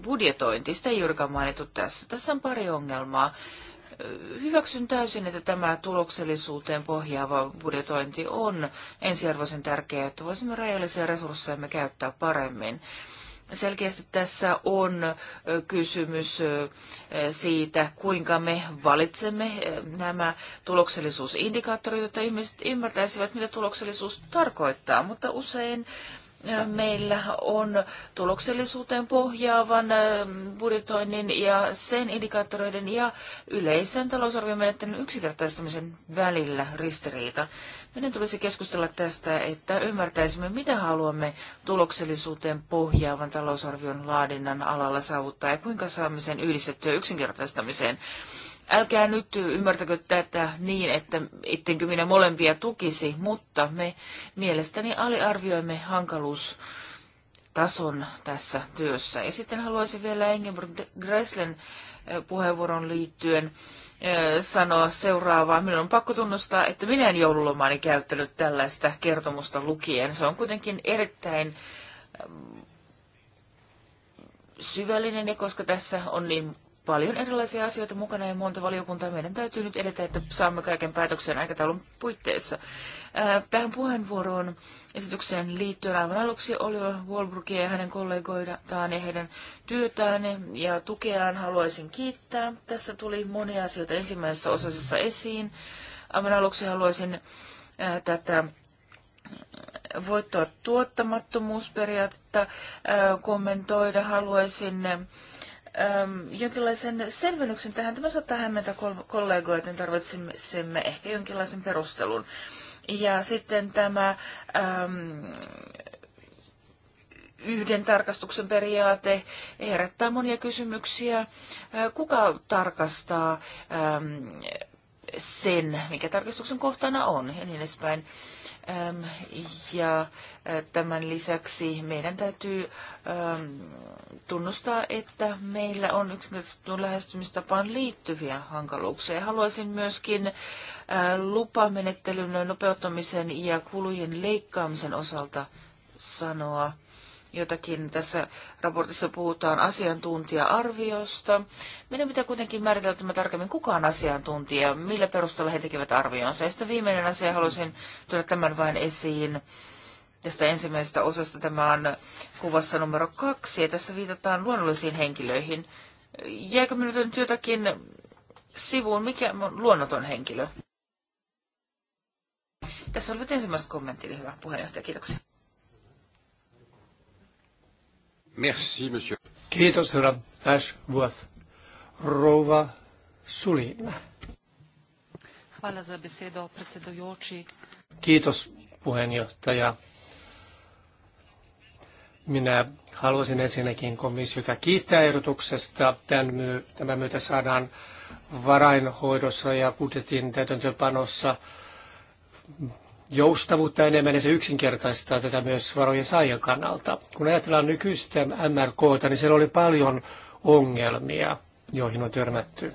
budjetointi. Sitä ei juurikaan mainittu tässä. Tässä on pari ongelmaa. Hyväksyn täysin, että tämä tuloksellisuuteen pohjaava budjetointi on ensiarvoisen tärkeää, että voisimme rajallisia resursseja käyttää paremmin. Selkeästi tässä on kysymys siitä, kuinka me valitsemme nämä tuloksellisuusindikaattorit, jotta ihmiset ymmärtäisivät, mitä tuloksellisuus tarkoittaa, mutta usein meillä on tuloksellisuuteen pohjaavan budjetoinnin ja sen indikaattoreiden ja yleisen talousarviomenettelyn yksinkertaistamisen välillä ristiriita. Meidän tulisi keskustella tästä, että ymmärtäisimme, mitä haluamme tuloksellisuuteen pohjaavan talousarvion laadinnan alalla saavuttaa ja kuinka saamme sen yhdistettyä yksinkertaistamiseen. Älkää nyt ymmärtäkö tätä niin, että ittenkö minä molempia tukisi, mutta me mielestäni aliarvioimme hankaluus tason tässä työssä. Ja sitten haluaisin vielä Ingeborg Gresslen eh, puheenvuoron liittyen sanoa seuraavaa. Minun on pakko tunnustaa, että minä en joululomaani käyttänyt tällaista kertomusta lukien. Se on kuitenkin erittäin ähm, syvällinen, koska tässä on niin paljon erilaisia asioita mukana ja monta valiokuntaa, meidän täytyy nyt edetä, että saamme kaiken päätöksen aikataulun puitteissa. Äh, tähän puheenvuoroon esitykseen liittyen aivan aluksi Oliver Wahlbrookia ja hänen kollegoitaan ja heidän työtään ja tukeaan haluaisin kiittää. Tässä tuli monia asioita ensimmäisessä osassa esiin. Aivan aluksi haluaisin äh, tätä äh, voittoa tuottamattomuusperiaatetta kommentoida. Haluaisin ähm, jonkinlaisen selvennyksen tähän. Tämä saattaa hämmentää kollegoita, joten tarvitsemme ehkä jonkinlaisen perustelun. Ja sitten tämä äm, yhden tarkastuksen periaate herättää monia kysymyksiä. Äh, kuka tarkastaa äm, sen, mikä tarkastuksen kohtana on ja niin edespäin. Ähm, ja äh, tämän lisäksi meidän täytyy ähm, tunnustaa, että meillä on yksinkertaisesti lähestymistapaan liittyviä hankaluuksia. Haluaisin myöskin äh, lupamenettelyn nopeuttamisen ja kulujen leikkaamisen osalta sanoa jotakin. Tässä raportissa puhutaan asiantuntija-arviosta. Meidän pitää kuitenkin määritellä tämä tarkemmin, kuka on asiantuntija, millä perusteella he tekevät arvionsa. Ja sitten viimeinen asia, haluaisin tuoda tämän vain esiin. Tästä ensimmäisestä osasta tämä on kuvassa numero kaksi, ja tässä viitataan luonnollisiin henkilöihin. Jääkö minulta nyt jotakin sivuun, mikä on luonnoton henkilö? Tässä olivat ensimmäiset kommentit, hyvä puheenjohtaja, kiitoksia. Merci, monsieur. Kiitos, herra Ashworth. Rova Sulin. Hvala za besedo, predsedujoči. Kiitos, puheenjohtaja. Minä haluaisin ensinnäkin komissiota kiittää ehdotuksesta. Tämän, myö, tämän myötä saadaan varainhoidossa ja budjetin täytäntöpanossa joustavuutta enemmän ja se yksinkertaistaa tätä myös varojen saajan kannalta. Kun ajatellaan nykyistä MRK, niin siellä oli paljon ongelmia, joihin on törmätty.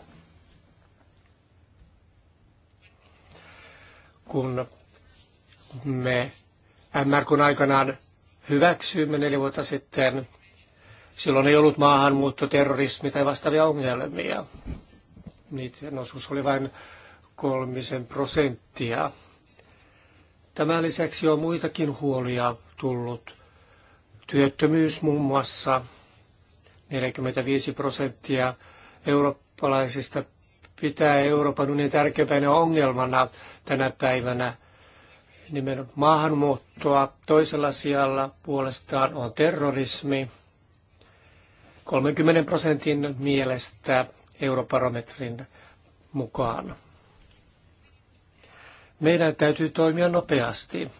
Kun me MRKn aikanaan hyväksyimme neljä vuotta sitten, silloin ei ollut maahanmuutto, terrorismi tai vastaavia ongelmia. Niiden osuus oli vain kolmisen prosenttia Tämän lisäksi on muitakin huolia tullut. Työttömyys muun muassa 45 prosenttia eurooppalaisista pitää Euroopan unionin tärkeimpänä ongelmana tänä päivänä. Nimenomaan maahanmuuttoa toisella sijalla puolestaan on terrorismi. 30 prosentin mielestä Eurobarometrin mukaan. Meidän täytyy toimia nopeasti.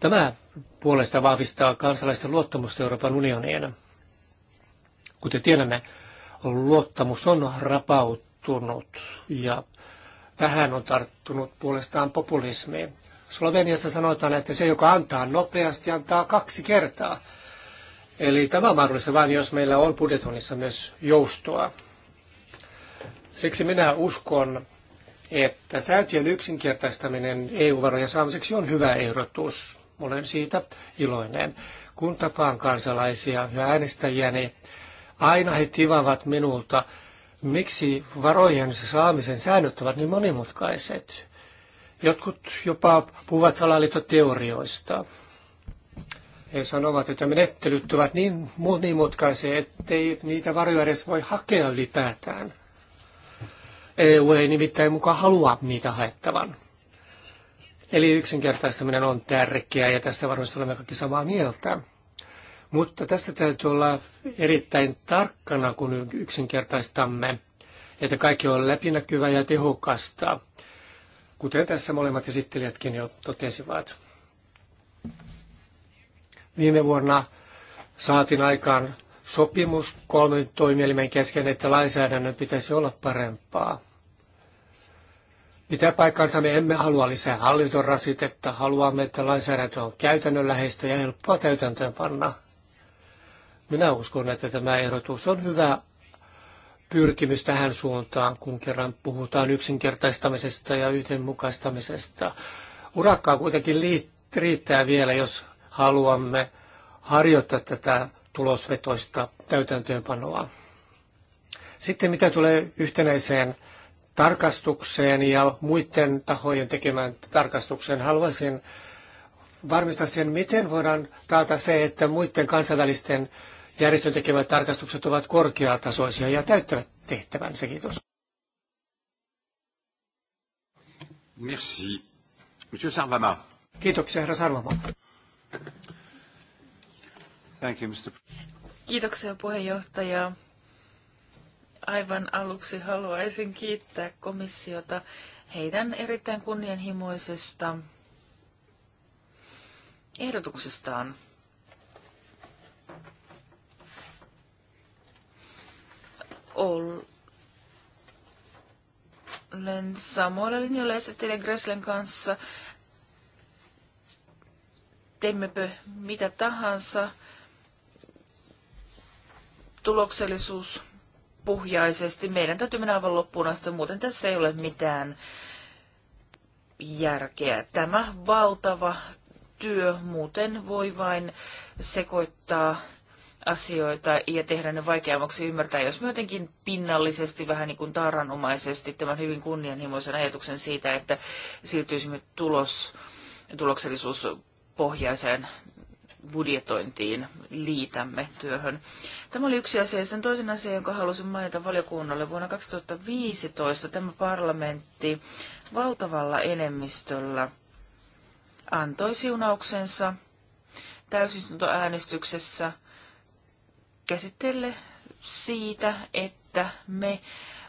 Tämä puolesta vahvistaa kansalaisten luottamusta Euroopan unioniin. Kuten tiedämme, luottamus on rapauttunut ja tähän on tarttunut puolestaan populismi. Sloveniassa sanotaan, että se, joka antaa nopeasti, antaa kaksi kertaa. Eli tämä on mahdollista vain, jos meillä on budjetoinnissa myös joustoa. Siksi minä uskon että säätiön yksinkertaistaminen EU-varojen saamiseksi on hyvä ehdotus. Olen siitä iloinen. Kun tapaan kansalaisia ja äänestäjiä niin aina he tivavat minulta, miksi varojen saamisen säännöt ovat niin monimutkaiset. Jotkut jopa puhuvat salaliittoteorioista. He sanovat, että menettelyt ovat niin monimutkaisia, ettei niitä varoja edes voi hakea ylipäätään. EU e ei nimittäin mukaan halua niitä haettavan. Eli yksinkertaistaminen on tärkeää ja tästä varmasti olemme kaikki samaa mieltä. Mutta tässä täytyy olla erittäin tarkkana, kun yksinkertaistamme, että kaikki on läpinäkyvä ja tehokasta, kuten tässä molemmat esittelijätkin jo totesivat. Viime vuonna saatiin aikaan sopimus kolmen toimielimen kesken, että lainsäädännön pitäisi olla parempaa. Mitä paikkansa me emme halua lisää hallintorasitetta, haluamme, että lainsäädäntö on käytännönläheistä ja helppoa täytäntöönpanna. Minä uskon, että tämä ehdotus on hyvä pyrkimys tähän suuntaan, kun kerran puhutaan yksinkertaistamisesta ja yhdenmukaistamisesta. Urakkaa kuitenkin riittää vielä, jos haluamme harjoittaa tätä tulosvetoista täytäntöönpanoa. Sitten mitä tulee yhtenäiseen tarkastukseen ja muiden tahojen tekemään tarkastukseen, haluaisin varmistaa sen, miten voidaan taata se, että muiden kansainvälisten järjestön tekemät tarkastukset ovat korkeatasoisia ja täyttävät tehtävänsä. Kiitos. Merci. Monsieur Sarvama. Kiitoksia, herra Sarvama. Thank you, Mr. Kiitoksia puheenjohtaja. Aivan aluksi haluaisin kiittää komissiota heidän erittäin kunnianhimoisesta ehdotuksestaan. Olen samoilla linjoilla esittelijä Greslen kanssa. Temmepö mitä tahansa tuloksellisuus puhjaisesti. Meidän täytyy mennä aivan loppuun asti, muuten tässä ei ole mitään järkeä. Tämä valtava työ muuten voi vain sekoittaa asioita ja tehdä ne vaikeammaksi ymmärtää, jos me jotenkin pinnallisesti, vähän niin kuin taaranomaisesti, tämän hyvin kunnianhimoisen ajatuksen siitä, että siirtyisimme tulos, tuloksellisuuspohjaiseen budjetointiin liitämme työhön. Tämä oli yksi asia. Sen toisen asian, jonka halusin mainita valiokunnalle, vuonna 2015 tämä parlamentti valtavalla enemmistöllä antoi siunauksensa täysistuntoäänestyksessä käsitelle siitä, että me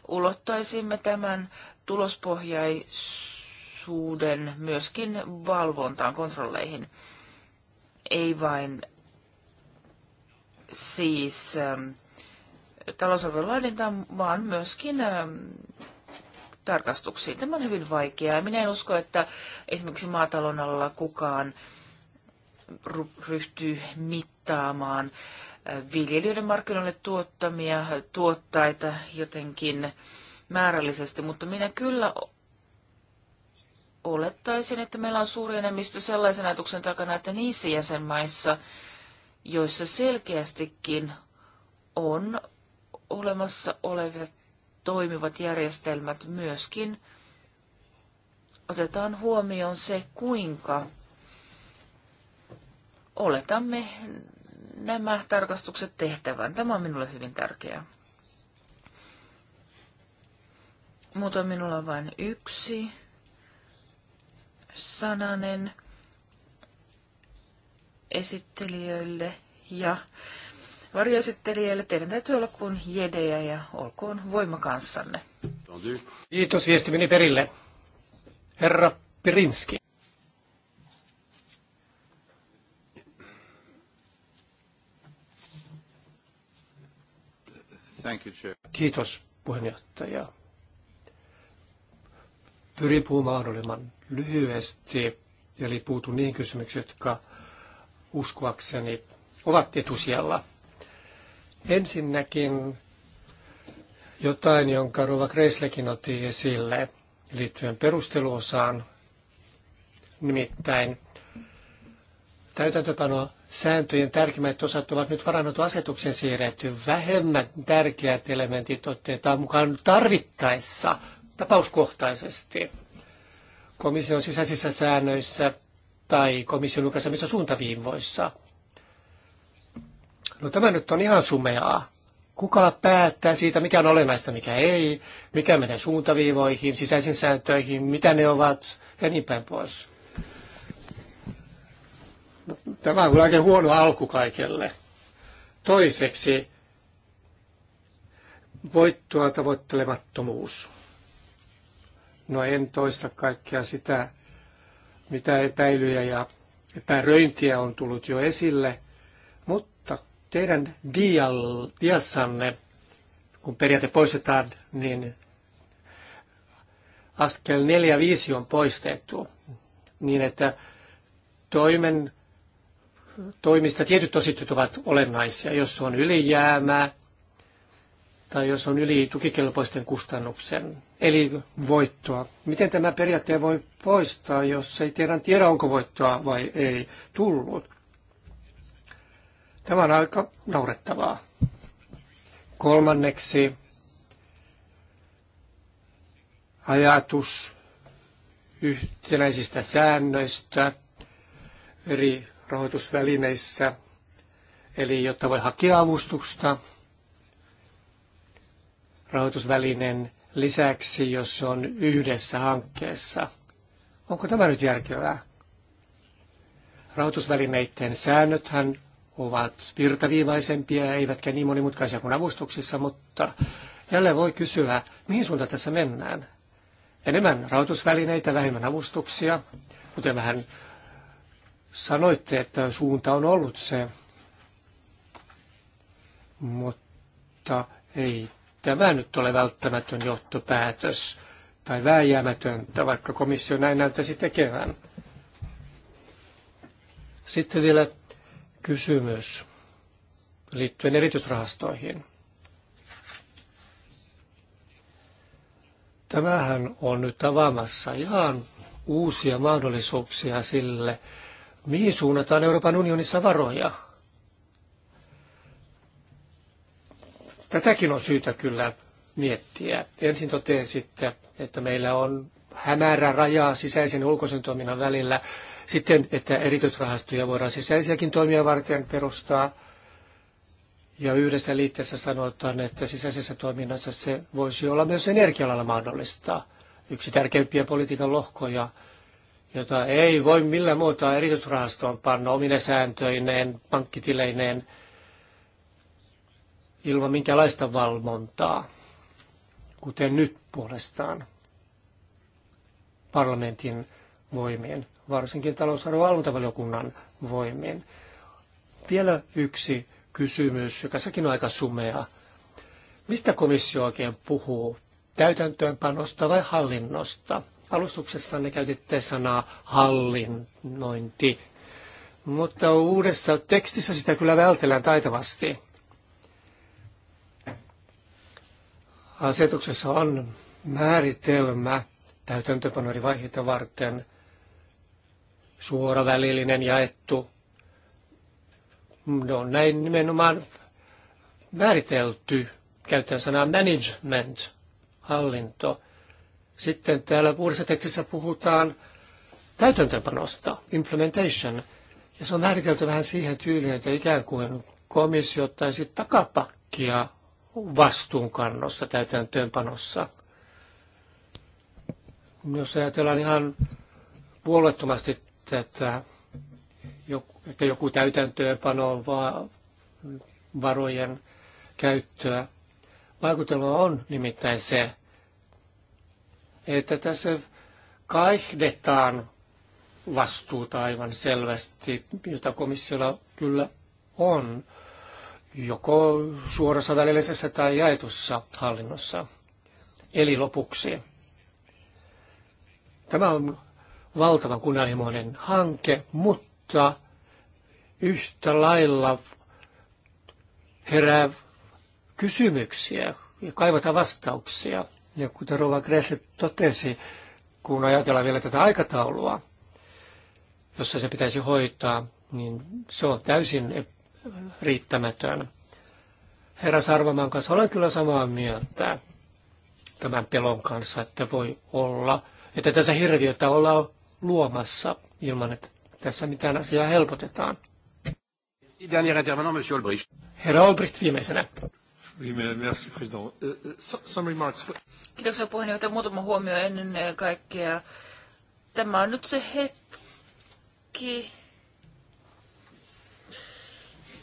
ulottaisimme tämän tulospohjaisuuden myöskin valvontaan, kontrolleihin ei vain siis ähm, talousarvion laadintaan, vaan myöskin ähm, tarkastuksiin. Tämä on hyvin vaikeaa. Minä en usko, että esimerkiksi maatalon alalla kukaan ryhtyy mittaamaan äh, viljelijöiden markkinoille tuottamia tuottaita jotenkin määrällisesti, mutta minä kyllä olettaisin, että meillä on suuri enemmistö sellaisen ajatuksen takana, että niissä jäsenmaissa, joissa selkeästikin on olemassa olevat toimivat järjestelmät myöskin, otetaan huomioon se, kuinka oletamme nämä tarkastukset tehtävän. Tämä on minulle hyvin tärkeää. Mutta minulla on vain yksi sananen esittelijöille ja varjoesittelijöille. Teidän täytyy olla kuin jedejä ja olkoon voima kanssanne. Kiitos, viesti meni perille. Herra Pirinski. Thank you, Chair. Kiitos puheenjohtaja. Pyrin puhumaan mahdollisimman lyhyesti, eli puutun niihin kysymyksiin, jotka uskoakseni ovat etusijalla. Ensinnäkin jotain, jonka Rova Kreislekin otti esille liittyen perusteluosaan, nimittäin täytäntöpano sääntöjen tärkeimmät osat ovat nyt varannut asetuksen siirretty. Vähemmän tärkeät elementit otetaan mukaan tarvittaessa tapauskohtaisesti komission sisäisissä säännöissä tai komission julkaisemissa suuntaviivoissa. No tämä nyt on ihan sumeaa. Kuka päättää siitä, mikä on olennaista, mikä ei, mikä menee suuntaviivoihin, sisäisiin sääntöihin, mitä ne ovat ja niin päin pois. No, tämä on aika huono alku kaikelle. Toiseksi voittoa tavoittelemattomuus. No en toista kaikkea sitä, mitä epäilyjä ja epäröintiä on tullut jo esille, mutta teidän dial, diassanne, kun periaate poistetaan, niin askel 4-5 on poistettu, niin että toimen toimista tietyt ositteet ovat olennaisia. Jos on ylijäämää, tai jos on yli tukikelpoisten kustannuksen, eli voittoa. Miten tämä periaatteen voi poistaa, jos ei tiedä, tiedä onko voittoa vai ei tullut? Tämä on aika naurettavaa. Kolmanneksi ajatus yhtenäisistä säännöistä eri rahoitusvälineissä, eli jotta voi hakea avustusta, rahoitusvälineen lisäksi, jos se on yhdessä hankkeessa. Onko tämä nyt järkevää? Rahoitusvälineiden säännöthän ovat virtaviivaisempia, eivätkä niin monimutkaisia kuin avustuksissa, mutta jälleen voi kysyä, mihin suuntaan tässä mennään. Enemmän rahoitusvälineitä, vähemmän avustuksia, kuten vähän sanoitte, että suunta on ollut se, mutta ei tämä nyt ole välttämätön johtopäätös tai vääjäämätöntä, vaikka komissio näin näyttäisi tekevän. Sitten vielä kysymys liittyen erityisrahastoihin. Tämähän on nyt avaamassa ihan uusia mahdollisuuksia sille, mihin suunnataan Euroopan unionissa varoja – Tätäkin on syytä kyllä miettiä. Ensin sitten, että meillä on hämärä raja sisäisen ja ulkoisen toiminnan välillä. Sitten, että erityisrahastoja voidaan sisäisiäkin toimia varten perustaa. Ja yhdessä liitteessä sanotaan, että sisäisessä toiminnassa se voisi olla myös energialalla mahdollista. Yksi tärkeimpiä politiikan lohkoja, jota ei voi millään muuta erityisrahastoon panna omine sääntöineen, pankkitileineen – ilman minkälaista valvontaa, kuten nyt puolestaan parlamentin voimien, varsinkin talousarvovalvontavaliokunnan voimien. Vielä yksi kysymys, joka sekin on aika sumea. Mistä komissio oikein puhuu? Täytäntöönpanosta vai hallinnosta? Alustuksessanne käytitte sanaa hallinnointi, mutta uudessa tekstissä sitä kyllä vältellään taitavasti. Asetuksessa on määritelmä täytäntöpano vaiheita varten, suora, välillinen, jaettu. No näin nimenomaan määritelty, käytän sanaa management, hallinto. Sitten täällä uudessa tekstissä puhutaan täytäntöönpanosta, implementation, ja se on määritelty vähän siihen tyyliin, että ikään kuin komissio ottaisi takapakkia vastuunkannossa, täytäntöönpanossa. Jos ajatellaan ihan puolettomasti tätä, että joku täytäntöönpano varojen käyttöä, vaikutelma on nimittäin se, että tässä kaihdetaan vastuuta aivan selvästi, jota komissiolla kyllä on joko suorassa välillisessä tai jaetussa hallinnossa. Eli lopuksi. Tämä on valtavan kunnianhimoinen hanke, mutta yhtä lailla herää kysymyksiä ja kaivata vastauksia. Ja kuten Rova Gressle totesi, kun ajatellaan vielä tätä aikataulua, jossa se pitäisi hoitaa, niin se on täysin riittämätön. Herra Sarvaman kanssa olen kyllä samaa mieltä tämän pelon kanssa, että voi olla, että tässä hirviötä ollaan luomassa ilman, että tässä mitään asiaa helpotetaan. Dernier intervenant, Monsieur Olbricht. Herra Olbricht viimeisenä. Euh, euh, Kiitoksia puheenjohtaja. Muutama huomio ennen kaikkea. Tämä on nyt se hetki,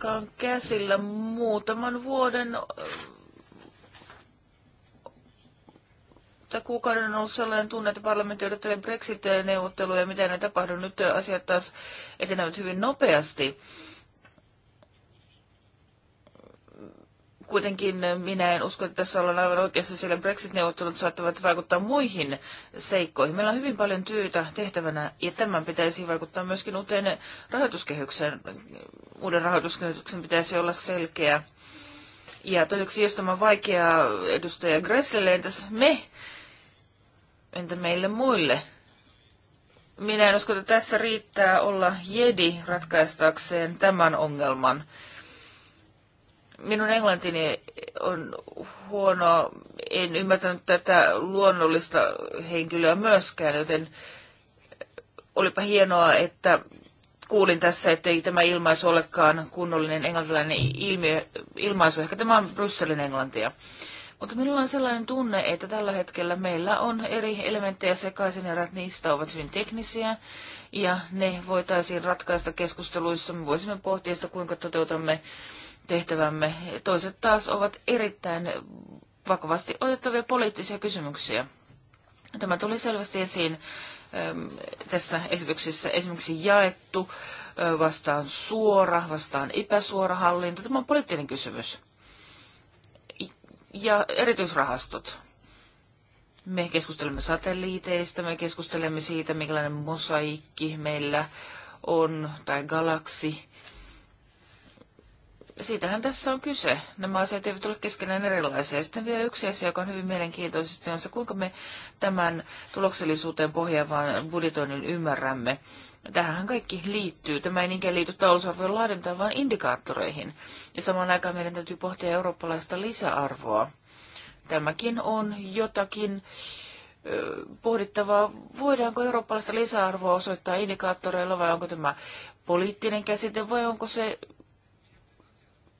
on käsillä muutaman vuoden tai äh, kuukauden on ollut sellainen tunne, että parlamentti odottelee Brexit-neuvotteluja, mitä ne tapahdu. Nyt asiat taas etenevät hyvin nopeasti. Kuitenkin minä en usko, että tässä ollaan aivan oikeassa, sillä Brexit-neuvottelut saattavat vaikuttaa muihin seikkoihin. Meillä on hyvin paljon työtä tehtävänä, ja tämän pitäisi vaikuttaa myöskin uuteen rahoituskehykseen. Uuden rahoituskehyksen pitäisi olla selkeä. Ja toiseksi, jos tämä on vaikeaa edustaja Gresselle, entäs me? Entä meille muille? Minä en usko, että tässä riittää olla jedi ratkaistaakseen tämän ongelman minun englantini on huono. En ymmärtänyt tätä luonnollista henkilöä myöskään, joten olipa hienoa, että kuulin tässä, ettei tämä ilmaisu olekaan kunnollinen englantilainen ilmiö, ilmaisu. Ehkä tämä on Brysselin englantia. Mutta minulla on sellainen tunne, että tällä hetkellä meillä on eri elementtejä sekaisin, ja niistä ovat hyvin teknisiä, ja ne voitaisiin ratkaista keskusteluissa. Me voisimme pohtia sitä, kuinka toteutamme tehtävämme. Toiset taas ovat erittäin vakavasti otettavia poliittisia kysymyksiä. Tämä tuli selvästi esiin ähm, tässä esityksessä esimerkiksi jaettu, äh, vastaan suora, vastaan epäsuora hallinto. Tämä on poliittinen kysymys. Ja erityisrahastot. Me keskustelemme satelliiteista, me keskustelemme siitä, minkälainen mosaikki meillä on, tai galaksi siitähän tässä on kyse. Nämä asiat eivät ole keskenään erilaisia. Sitten vielä yksi asia, joka on hyvin mielenkiintoisesti, on se, kuinka me tämän tuloksellisuuteen pohjaavan budjetoinnin ymmärrämme. Tähän kaikki liittyy. Tämä ei niinkään liity talousarvion laadintaan, vaan indikaattoreihin. Ja samaan aikaan meidän täytyy pohtia eurooppalaista lisäarvoa. Tämäkin on jotakin pohdittavaa, voidaanko eurooppalaista lisäarvoa osoittaa indikaattoreilla vai onko tämä poliittinen käsite vai onko se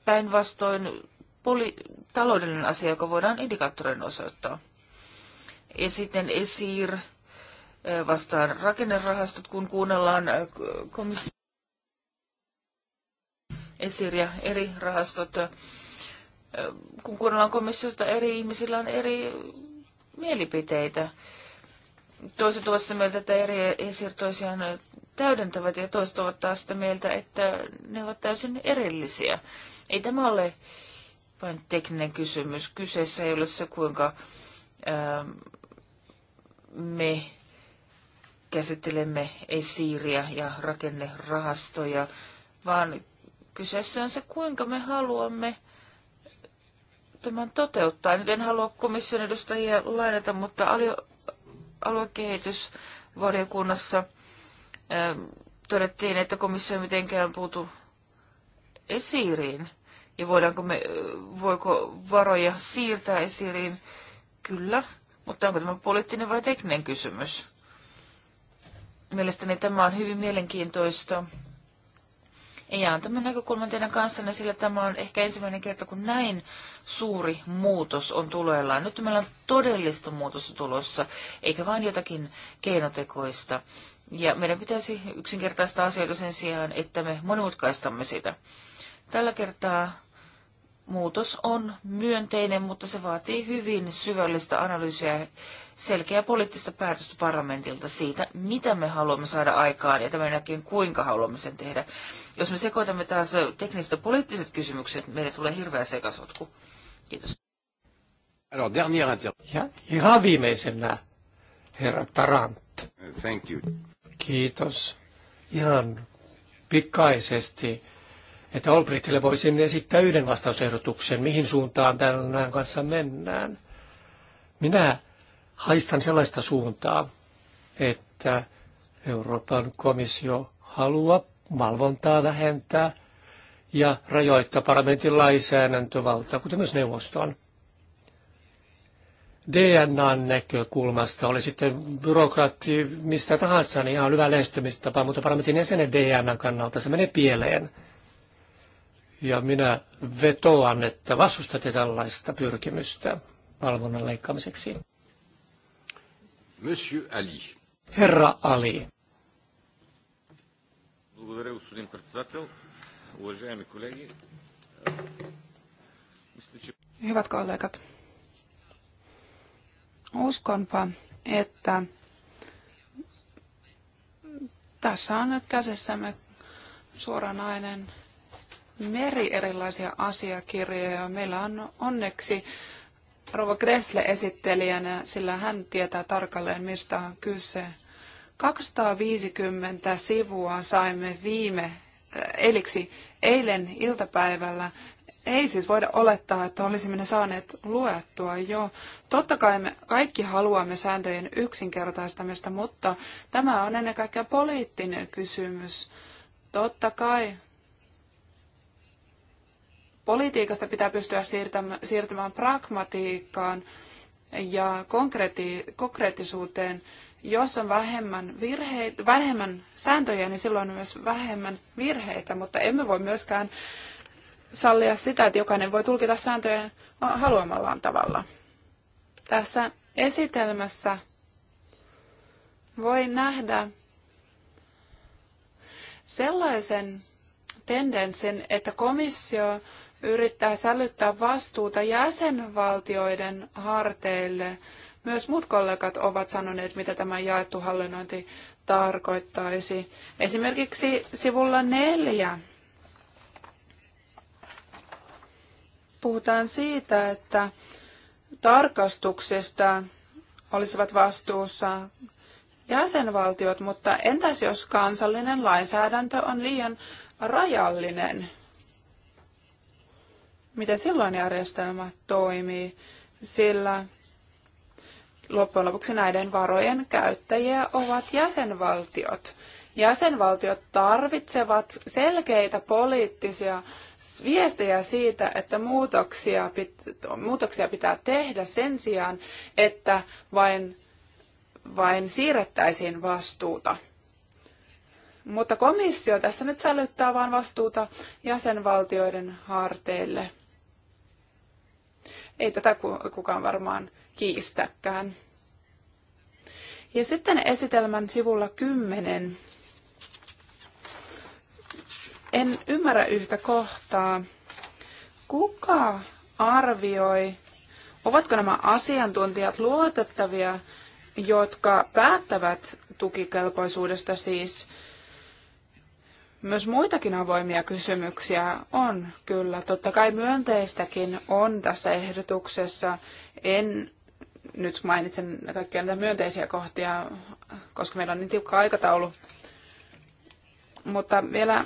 päinvastoin poli- taloudellinen asia, joka voidaan indikaattoreina osoittaa. Ja sitten ESIR eh, vastaan rakennerahastot, kun kuunnellaan eh, komissio ESIR ja eri rahastot. Eh, kun kuunnellaan komissiosta, eri ihmisillä on eri mielipiteitä. Toiset ovat sitä mieltä, että eri ESIR toisiaan täydentävät ja toiset ovat taas sitä mieltä, että ne ovat täysin erillisiä. Ei tämä ole vain tekninen kysymys. Kyseessä ei ole se, kuinka ää, ähm, me käsittelemme esiiriä ja rakennerahastoja, vaan kyseessä on se, kuinka me haluamme tämän toteuttaa. Nyt en halua komission edustajia lainata, mutta aluekehitysvaliokunnassa – todettiin, että komissio ei mitenkään puutu esiriin. Ja voidaanko me, voiko varoja siirtää esiriin? Kyllä, mutta onko tämä poliittinen vai tekninen kysymys? Mielestäni tämä on hyvin mielenkiintoista. Ja jaan tämän näkökulman teidän kanssanne, sillä tämä on ehkä ensimmäinen kerta, kun näin suuri muutos on tuloillaan. Nyt meillä on todellista muutosta tulossa, eikä vain jotakin keinotekoista. Ja meidän pitäisi yksinkertaistaa asioita sen sijaan, että me monimutkaistamme sitä. Tällä kertaa muutos on myönteinen, mutta se vaatii hyvin syvällistä analyysiä ja selkeää poliittista päätöstä parlamentilta siitä, mitä me haluamme saada aikaan ja tämän jälkeen kuinka haluamme sen tehdä. Jos me sekoitamme taas tekniset ja poliittiset kysymykset, meille tulee hirveä sekasotku. Kiitos. ja ihan viimeisenä, herra Tarant. Thank you. Kiitos. Ihan pikaisesti, että Olbrichtille voisin esittää yhden vastausehdotuksen, mihin suuntaan tämän kanssa mennään. Minä haistan sellaista suuntaa, että Euroopan komissio haluaa valvontaa vähentää ja rajoittaa parlamentin lainsäädäntövaltaa, kuten myös neuvoston dna näkökulmasta, oli sitten byrokraatti mistä tahansa, niin ihan hyvä lähestymistapa, mutta parlamentin jäsenen dna kannalta se menee pieleen. Ja minä vetoan, että vastustatte tällaista pyrkimystä valvonnan leikkaamiseksi. Monsieur Ali. Herra Ali. Hyvät kollegat, Uskonpa, että tässä on nyt käsissämme suoranainen meri erilaisia asiakirjoja. Meillä on onneksi Rova Gressle esittelijänä, sillä hän tietää tarkalleen, mistä on kyse. 250 sivua saimme viime, äh, eliksi eilen iltapäivällä ei siis voida olettaa, että olisimme ne saaneet luettua jo. Totta kai me kaikki haluamme sääntöjen yksinkertaistamista, mutta tämä on ennen kaikkea poliittinen kysymys. Totta kai politiikasta pitää pystyä siirtymään pragmatiikkaan ja konkreettisuuteen. Jos on vähemmän, virheitä, vähemmän sääntöjä, niin silloin on myös vähemmän virheitä, mutta emme voi myöskään äh, sallia sitä, että jokainen voi tulkita sääntöjen haluamallaan tavalla. Tässä esitelmässä voi nähdä sellaisen tendenssin, että komissio yrittää sälyttää vastuuta jäsenvaltioiden harteille. Myös muut kollegat ovat sanoneet, mitä tämä jaettu hallinnointi tarkoittaisi. Esimerkiksi sivulla neljä puhutaan siitä, että tarkastuksesta olisivat vastuussa jäsenvaltiot, mutta entäs jos kansallinen lainsäädäntö on liian rajallinen? Miten silloin järjestelmä toimii? Sillä loppujen lopuksi näiden varojen käyttäjiä ovat jäsenvaltiot. Jäsenvaltiot tarvitsevat selkeitä poliittisia viestejä siitä, että muutoksia, muutoksia pitää tehdä sen sijaan, että vain, vain siirrettäisiin vastuuta. Mutta komissio tässä nyt sälyttää vain vastuuta jäsenvaltioiden harteille. Ei tätä kukaan varmaan kiistäkään. Ja sitten esitelmän sivulla 10 en ymmärrä yhtä kohtaa. Kuka arvioi, ovatko nämä asiantuntijat luotettavia, jotka päättävät tukikelpoisuudesta siis? Myös muitakin avoimia kysymyksiä on kyllä. Totta kai myönteistäkin on tässä ehdotuksessa. En nyt mainitsen kaikkia näitä myönteisiä kohtia, koska meillä on niin tiukka aikataulu. Mutta vielä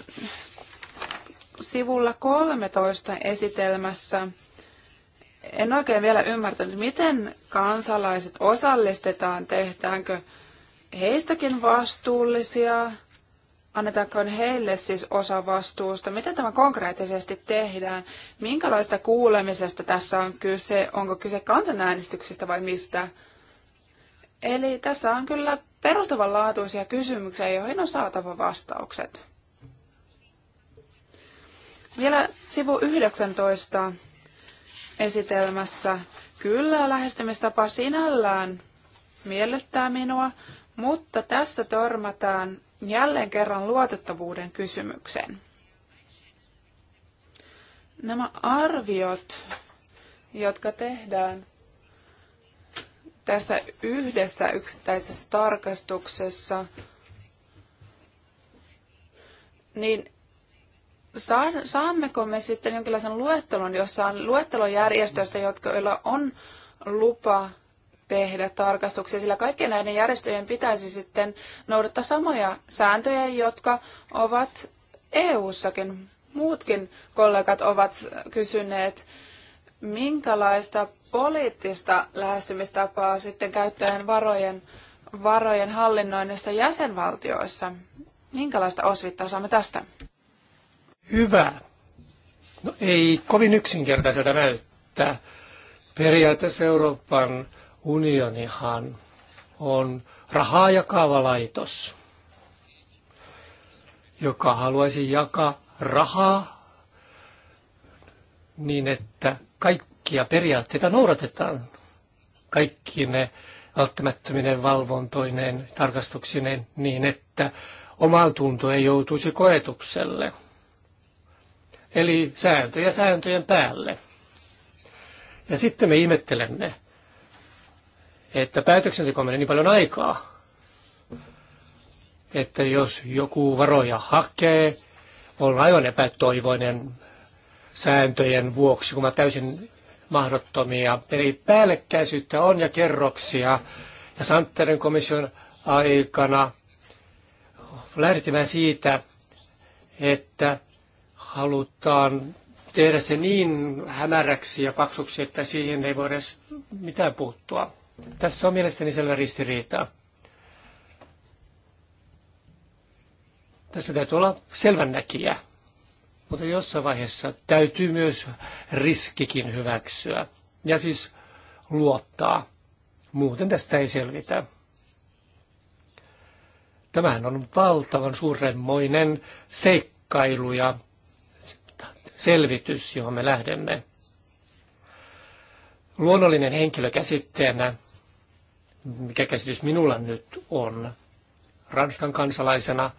sivulla 13 esitelmässä en oikein vielä ymmärtänyt, miten kansalaiset osallistetaan, tehdäänkö heistäkin vastuullisia, annetaanko heille siis osa vastuusta, miten tämä konkreettisesti tehdään, minkälaista kuulemisesta tässä on kyse, onko kyse kansanäänestyksistä vai mistä. Eli tässä on kyllä perustavanlaatuisia kysymyksiä, joihin on saatava vastaukset. Vielä sivu 19 esitelmässä. Kyllä, lähestymistapa sinällään miellyttää minua, mutta tässä törmätään jälleen kerran luotettavuuden kysymykseen. Nämä arviot, jotka tehdään tässä yhdessä yksittäisessä tarkastuksessa, niin saammeko me sitten jonkinlaisen luettelon, jossa on luettelo järjestöistä, joilla on lupa tehdä tarkastuksia, sillä kaikkien näiden järjestöjen pitäisi sitten noudattaa samoja sääntöjä, jotka ovat EU-sakin. Muutkin kollegat ovat kysyneet, minkälaista poliittista lähestymistapaa sitten käyttäen varojen, varojen hallinnoinnissa jäsenvaltioissa. Minkälaista osvittaa saamme tästä? hyvä. No ei kovin yksinkertaiselta näyttää. Periaatteessa Euroopan unionihan on rahaa jakava laitos, joka haluaisi jakaa rahaa niin, että kaikkia periaatteita noudatetaan. Kaikki ne välttämättöminen valvontoineen, tarkastuksineen niin, että oman tunto ei joutuisi koetukselle – Eli sääntöjä sääntöjen päälle. Ja sitten me ihmettelemme, että päätöksenteko menee niin paljon aikaa, että jos joku varoja hakee, on aivan epätoivoinen sääntöjen vuoksi, kun mä täysin mahdottomia. Eli päällekkäisyyttä on ja kerroksia. Ja Santerin komission aikana lähdettiin siitä, että halutaan tehdä se niin hämäräksi ja paksuksi, että siihen ei voi edes mitään puuttua. Tässä on mielestäni selvä ristiriita. Tässä täytyy olla näkijä, mutta jossain vaiheessa täytyy myös riskikin hyväksyä ja siis luottaa. Muuten tästä ei selvitä. Tämähän on valtavan suuremmoinen seikkailu ja selvitys, johon me lähdemme. Luonnollinen henkilö käsitteenä, mikä käsitys minulla nyt on, Ranskan kansalaisena,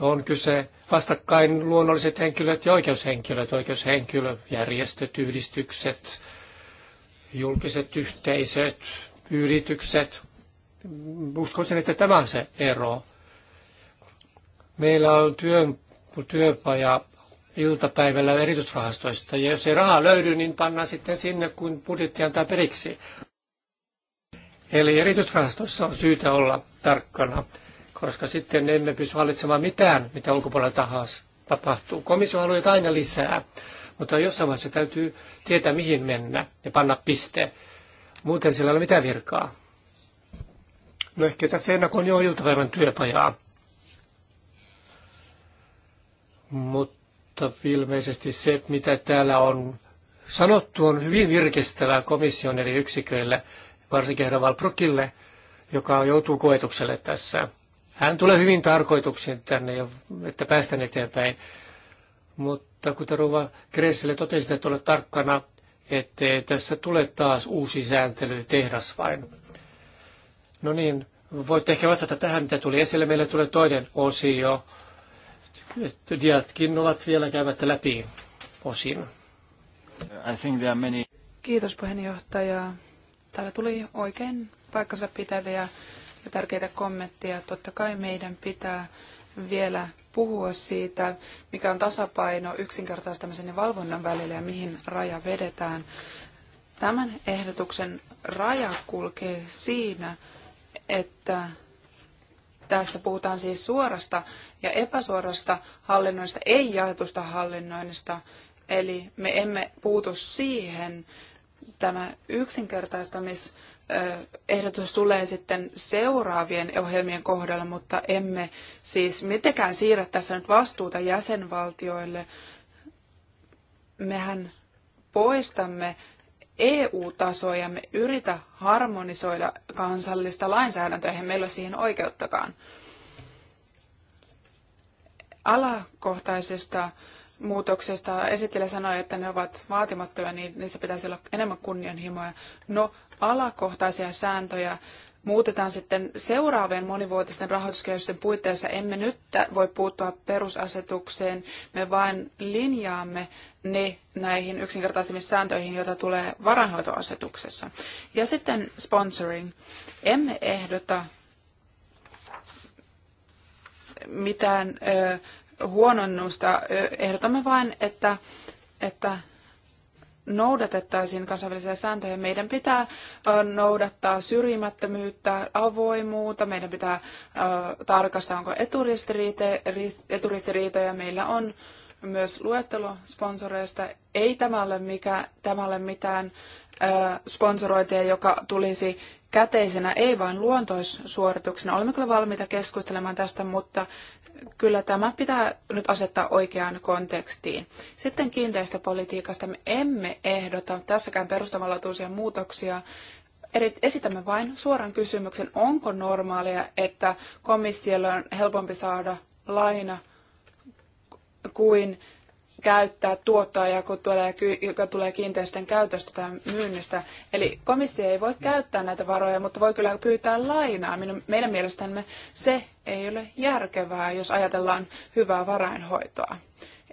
on kyse vastakkain luonnolliset henkilöt ja oikeushenkilöt, oikeushenkilö, järjestöt, yhdistykset, julkiset yhteisöt, yritykset. Uskoisin, että tämä on se ero. Meillä on työ, työpaja iltapäivällä erityisrahastoista. Ja jos ei rahaa löydy, niin pannaan sitten sinne, kun budjetti antaa periksi. Eli erityisrahastoissa on syytä olla tarkkana, koska sitten emme pysty hallitsemaan mitään, mitä ulkopuolella tahansa tapahtuu. Komissio haluaa aina lisää, mutta jossain vaiheessa täytyy tietää, mihin mennä ja panna piste. Muuten sillä ei ole mitään virkaa. No ehkä tässä ennakoin jo iltapäivän työpajaa. Mutta mutta ilmeisesti se, mitä täällä on sanottu, on hyvin virkistävää komission eri yksiköille, varsinkin herra Valprokille, joka joutuu koetukselle tässä. Hän tulee hyvin tarkoituksiin tänne, että päästään eteenpäin. Mutta kuten Ruva Gressille totesi, että ole tarkkana, että tässä tulee taas uusi sääntely tehdas vain. No niin, voitte ehkä vastata tähän, mitä tuli esille. Meille tulee toinen osio Tiedätkin, ovat vielä käymättä läpi osin. I think there are many... Kiitos puheenjohtaja. Täällä tuli oikein paikkansa pitäviä ja tärkeitä kommentteja. Totta kai meidän pitää vielä puhua siitä, mikä on tasapaino yksinkertaistamisen ja valvonnan välillä ja mihin raja vedetään. Tämän ehdotuksen raja kulkee siinä, että tässä puhutaan siis suorasta ja epäsuorasta hallinnoinnista, ei jaetusta hallinnoinnista. Eli me emme puutu siihen. Tämä yksinkertaistamisehdotus tulee sitten seuraavien ohjelmien kohdalla, mutta emme siis mitenkään siirrä tässä nyt vastuuta jäsenvaltioille. Mehän poistamme EU-tasoa ja me yritä harmonisoida kansallista lainsäädäntöä, eihän meillä ole siihen oikeuttakaan. Alakohtaisesta muutoksesta esittelijä sanoi, että ne ovat vaatimattomia, niin niissä pitäisi olla enemmän kunnianhimoja. No, alakohtaisia sääntöjä muutetaan sitten seuraavien monivuotisten rahoituskehysten puitteissa. Emme nyt voi puuttua perusasetukseen, me vain linjaamme ne näihin sääntöihin, joita tulee varainhoitoasetuksessa. Ja sitten sponsoring. Emme ehdota mitään ö, huononnusta. Ehdotamme vain, että, että noudatettaisiin kansainvälisiä sääntöjä. Meidän pitää noudattaa syrjimättömyyttä, avoimuutta, meidän pitää ö, tarkastaa, onko eturistiriitoja. Meillä on ö, myös luettelo sponsoreista. Ei tämä ole, mikä, tämä ole mitään ö, sponsorointia, joka tulisi käteisenä, ei vain luontoissuorituksena. Olemme kyllä valmiita keskustelemaan tästä, mutta kyllä tämä pitää nyt asettaa oikeaan kontekstiin. Sitten kiinteistöpolitiikasta me emme ehdota tässäkään perustavanlaatuisia muutoksia. Esitämme vain suoran kysymyksen, onko normaalia, että komissiolle on helpompi saada laina kuin käyttää tuottoa, joka tulee kiinteistön käytöstä tai myynnistä. Eli komissio ei voi käyttää näitä varoja, mutta voi kyllä pyytää lainaa. Meidän mielestämme se ei ole järkevää, jos ajatellaan hyvää varainhoitoa.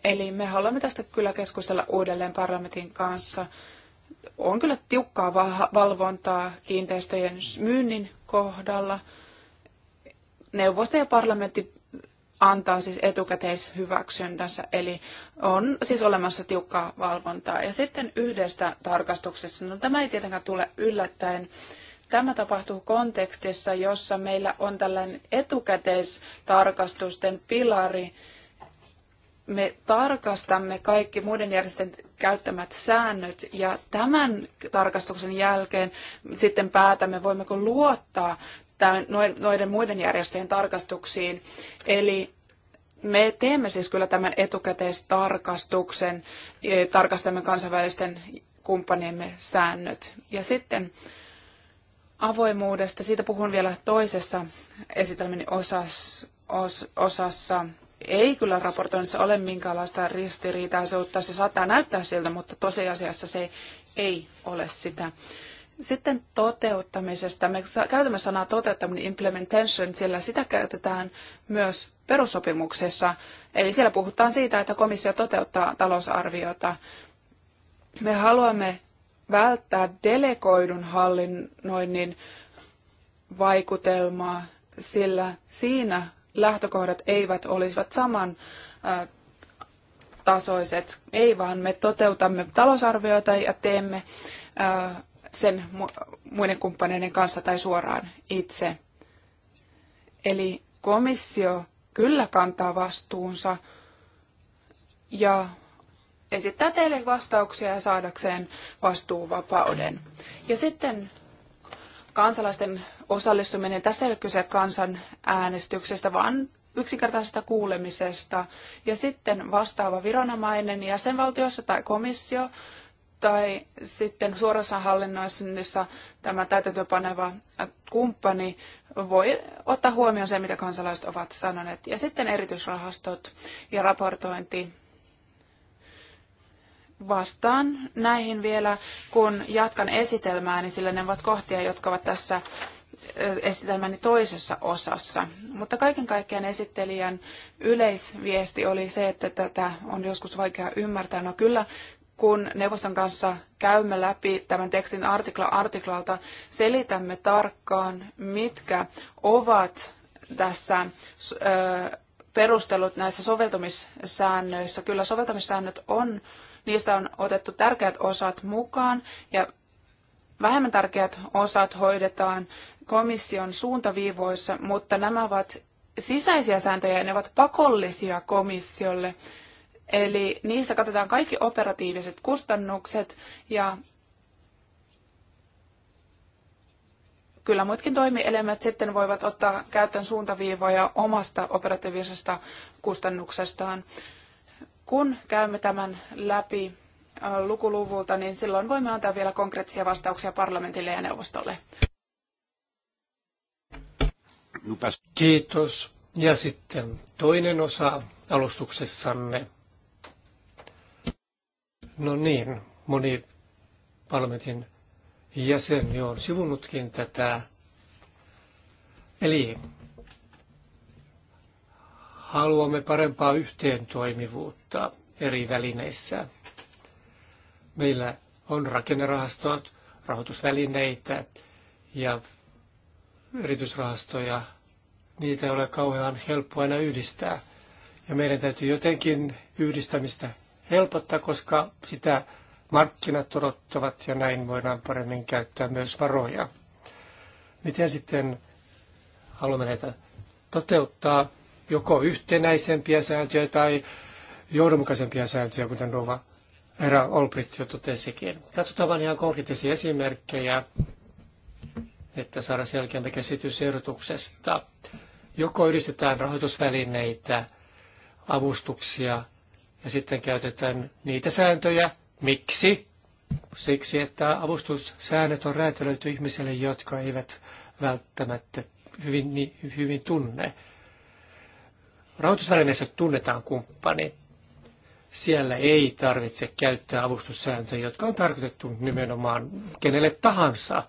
Eli me haluamme tästä kyllä keskustella uudelleen parlamentin kanssa. On kyllä tiukkaa valvontaa kiinteistöjen myynnin kohdalla. Neuvosto ja parlamentti antaa siis etukäteishyväksyntänsä, eli on siis olemassa tiukkaa valvontaa. Ja sitten yhdestä tarkastuksesta, no tämä ei tietenkään tule yllättäen, Tämä tapahtuu kontekstissa, jossa meillä on tällainen etukäteistarkastusten pilari. Me tarkastamme kaikki muiden järjestöjen käyttämät säännöt ja tämän tarkastuksen jälkeen sitten päätämme, voimmeko luottaa noiden muiden järjestöjen tarkastuksiin. Eli me teemme siis kyllä tämän etukäteistarkastuksen, e, tarkastamme kansainvälisten kumppaniemme säännöt. Ja sitten avoimuudesta, siitä puhun vielä toisessa esitelmäni osas, os, osassa. Ei kyllä raportoinnissa ole minkäänlaista ristiriitaisuutta, se saattaa näyttää siltä, mutta tosiasiassa se ei ole sitä. Sitten toteuttamisesta. Me käytämme sanaa toteuttaminen, implementation, sillä sitä käytetään myös perussopimuksessa. Eli siellä puhutaan siitä, että komissio toteuttaa talousarviota. Me haluamme välttää delegoidun hallinnoinnin vaikutelmaa, sillä siinä lähtökohdat eivät olisivat saman tasoiset. Ei vaan me toteutamme talousarvioita ja teemme sen muiden kumppaneiden kanssa tai suoraan itse. Eli komissio kyllä kantaa vastuunsa ja esittää teille vastauksia ja saadakseen vastuuvapauden. Ja sitten kansalaisten osallistuminen. Tässä ei ole kyse kansan äänestyksestä, vaan yksinkertaisesta kuulemisesta. Ja sitten vastaava viranomainen jäsenvaltiossa tai komissio tai sitten suorassa hallinnoissa tämä täytäntöpaneva kumppani voi ottaa huomioon se, mitä kansalaiset ovat sanoneet. Ja sitten erityisrahastot ja raportointi. Vastaan näihin vielä, kun jatkan esitelmääni, niin sillä ne ovat kohtia, jotka ovat tässä esitelmäni toisessa osassa. Mutta kaiken kaikkiaan esittelijän yleisviesti oli se, että tätä on joskus vaikea ymmärtää. No kyllä kun neuvoston kanssa käymme läpi tämän tekstin artikla artiklalta, selitämme tarkkaan, mitkä ovat tässä perustelut näissä soveltumissäännöissä. Kyllä soveltamissäännöt on, niistä on otettu tärkeät osat mukaan ja vähemmän tärkeät osat hoidetaan komission suuntaviivoissa, mutta nämä ovat sisäisiä sääntöjä ja ne ovat pakollisia komissiolle. Eli niissä katsotaan kaikki operatiiviset kustannukset ja kyllä muutkin toimielimet sitten voivat ottaa käyttöön suuntaviivoja omasta operatiivisesta kustannuksestaan. Kun käymme tämän läpi äh, lukuluvulta, niin silloin voimme antaa vielä konkreettisia vastauksia parlamentille ja neuvostolle. Kiitos. Ja sitten toinen osa alustuksessanne No niin, moni parlamentin jäsen jo on sivunutkin tätä. Eli haluamme parempaa yhteentoimivuutta eri välineissä. Meillä on rakennerahastot, rahoitusvälineitä ja erityisrahastoja. Niitä ei ole kauhean helppo aina yhdistää. Ja meidän täytyy jotenkin yhdistämistä helpottaa, koska sitä markkinat odottavat ja näin voidaan paremmin käyttää myös varoja. Miten sitten haluamme näitä toteuttaa joko yhtenäisempiä sääntöjä tai johdonmukaisempia sääntöjä, kuten Nova Herra Olbrit jo totesikin. Katsotaan vain ihan konkreettisia esimerkkejä, että saada selkeämpi käsitys ehdotuksesta. Joko yhdistetään rahoitusvälineitä, avustuksia ja sitten käytetään niitä sääntöjä. Miksi? Siksi, että avustussäännöt on räätälöity ihmisille, jotka eivät välttämättä hyvin, niin, hyvin tunne. Rahoitusvälineessä tunnetaan kumppani. Siellä ei tarvitse käyttää avustussääntöjä, jotka on tarkoitettu nimenomaan kenelle tahansa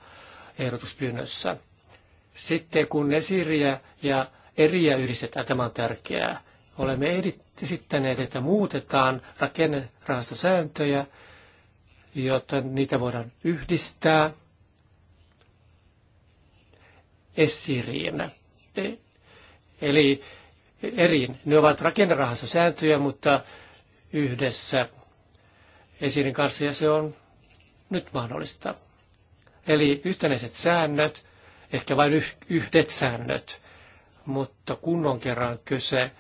ehdotuspyynnössä. Sitten kun esiriä ja eriä yhdistetään, tämä on tärkeää. Olemme esittäneet, että muutetaan rakennerahastosääntöjä, jotta niitä voidaan yhdistää esiriin. E, eli eriin. Ne ovat rakennerahastosääntöjä, mutta yhdessä esirin kanssa ja se on nyt mahdollista. Eli yhtenäiset säännöt, ehkä vain yhdet säännöt, mutta kun on kerran kyse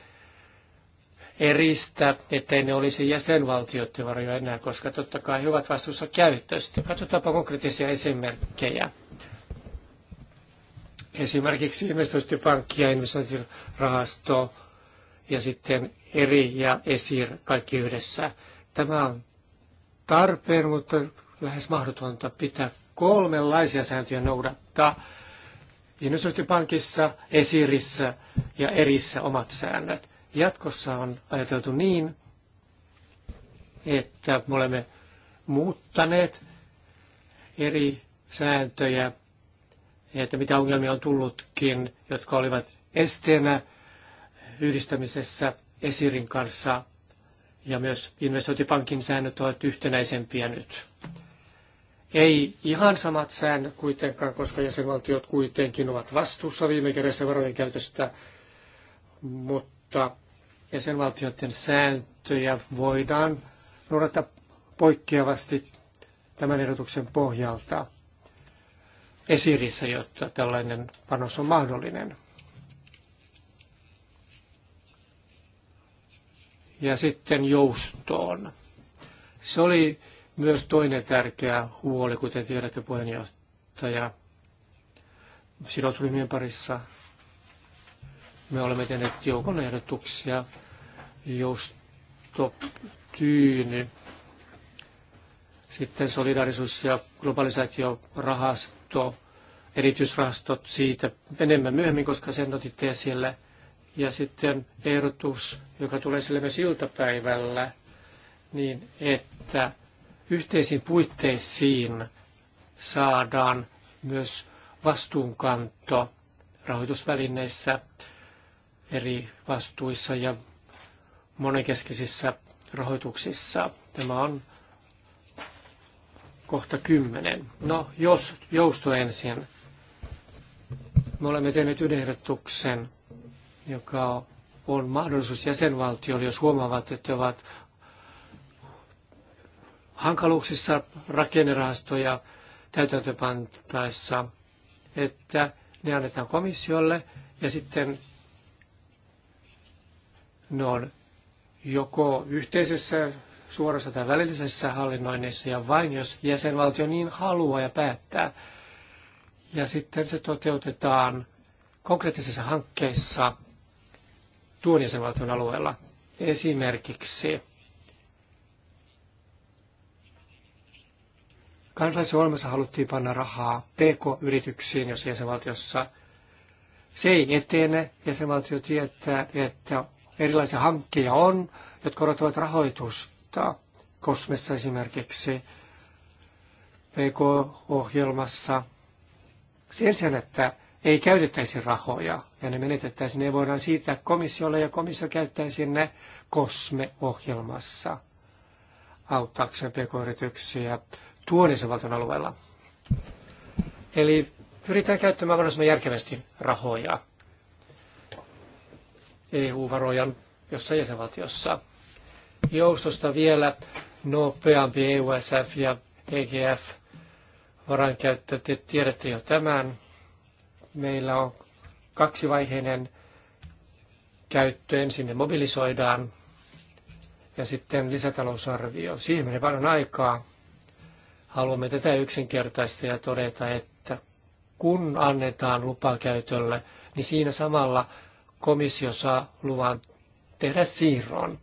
eristä, ettei ne olisi jäsenvaltioiden varoja enää, koska totta kai he ovat vastuussa käyttöstä. Katsotaanpa konkreettisia esimerkkejä. Esimerkiksi investointipankki ja investointirahasto ja sitten eri ja esir kaikki yhdessä. Tämä on tarpeen, mutta lähes mahdotonta pitää kolmenlaisia sääntöjä noudattaa. Investointipankissa, esirissä ja erissä omat säännöt. Jatkossa on ajateltu niin, että me olemme muuttaneet eri sääntöjä, että mitä ongelmia on tullutkin, jotka olivat esteenä yhdistämisessä Esirin kanssa. Ja myös investointipankin säännöt ovat yhtenäisempiä nyt. Ei ihan samat säännöt kuitenkaan, koska jäsenvaltiot kuitenkin ovat vastuussa viime kädessä varojen käytöstä, mutta mutta jäsenvaltioiden sääntöjä voidaan noudattaa poikkeavasti tämän ehdotuksen pohjalta esirissä, jotta tällainen panos on mahdollinen. Ja sitten joustoon. Se oli myös toinen tärkeä huoli, kuten tiedätte puheenjohtaja sidosryhmien parissa me olemme tehneet joukon ehdotuksia joustotyyni. Sitten solidaarisuus- ja globalisaatiorahasto, erityisrahastot siitä enemmän myöhemmin, koska sen otitte esille. Ja sitten ehdotus, joka tulee sille myös iltapäivällä, niin että yhteisiin puitteisiin saadaan myös vastuunkanto rahoitusvälineissä eri vastuissa ja monenkeskisissä rahoituksissa. Tämä on kohta kymmenen. No, jos jousto ensin. Me olemme tehneet yhden joka on mahdollisuus jäsenvaltiolle, jos huomaavat, että ovat hankaluuksissa rakennerahastoja täytäntöpantaessa, että ne annetaan komissiolle ja sitten ne on joko yhteisessä suorassa tai välillisessä hallinnoinnissa ja vain jos jäsenvaltio niin haluaa ja päättää. Ja sitten se toteutetaan konkreettisissa hankkeissa tuon jäsenvaltion alueella. Esimerkiksi kansalaisohjelmassa haluttiin panna rahaa pk-yrityksiin, jos jäsenvaltiossa se ei etene. Jäsenvaltio tietää, että Erilaisia hankkeja on, jotka odottavat rahoitusta. Kosmessa esimerkiksi, PK-ohjelmassa. Sen sijaan, että ei käytettäisi rahoja ja ne menetettäisiin, ne voidaan siirtää komissiolle ja komissio käyttäisi ne COSME-ohjelmassa auttaakseen pk-yrityksiä tuon valtion alueella. Eli pyritään käyttämään mahdollisimman järkevästi rahoja. EU-varoja jossain jäsenvaltiossa. Joustosta vielä nopeampi EUSF ja EGF varankäyttö. Te tiedätte jo tämän. Meillä on kaksivaiheinen käyttö. Ensin ne mobilisoidaan ja sitten lisätalousarvio. Siihen menee paljon aikaa. Haluamme tätä yksinkertaista ja todeta, että kun annetaan lupakäytölle, niin siinä samalla – komissio saa luvan tehdä siirron.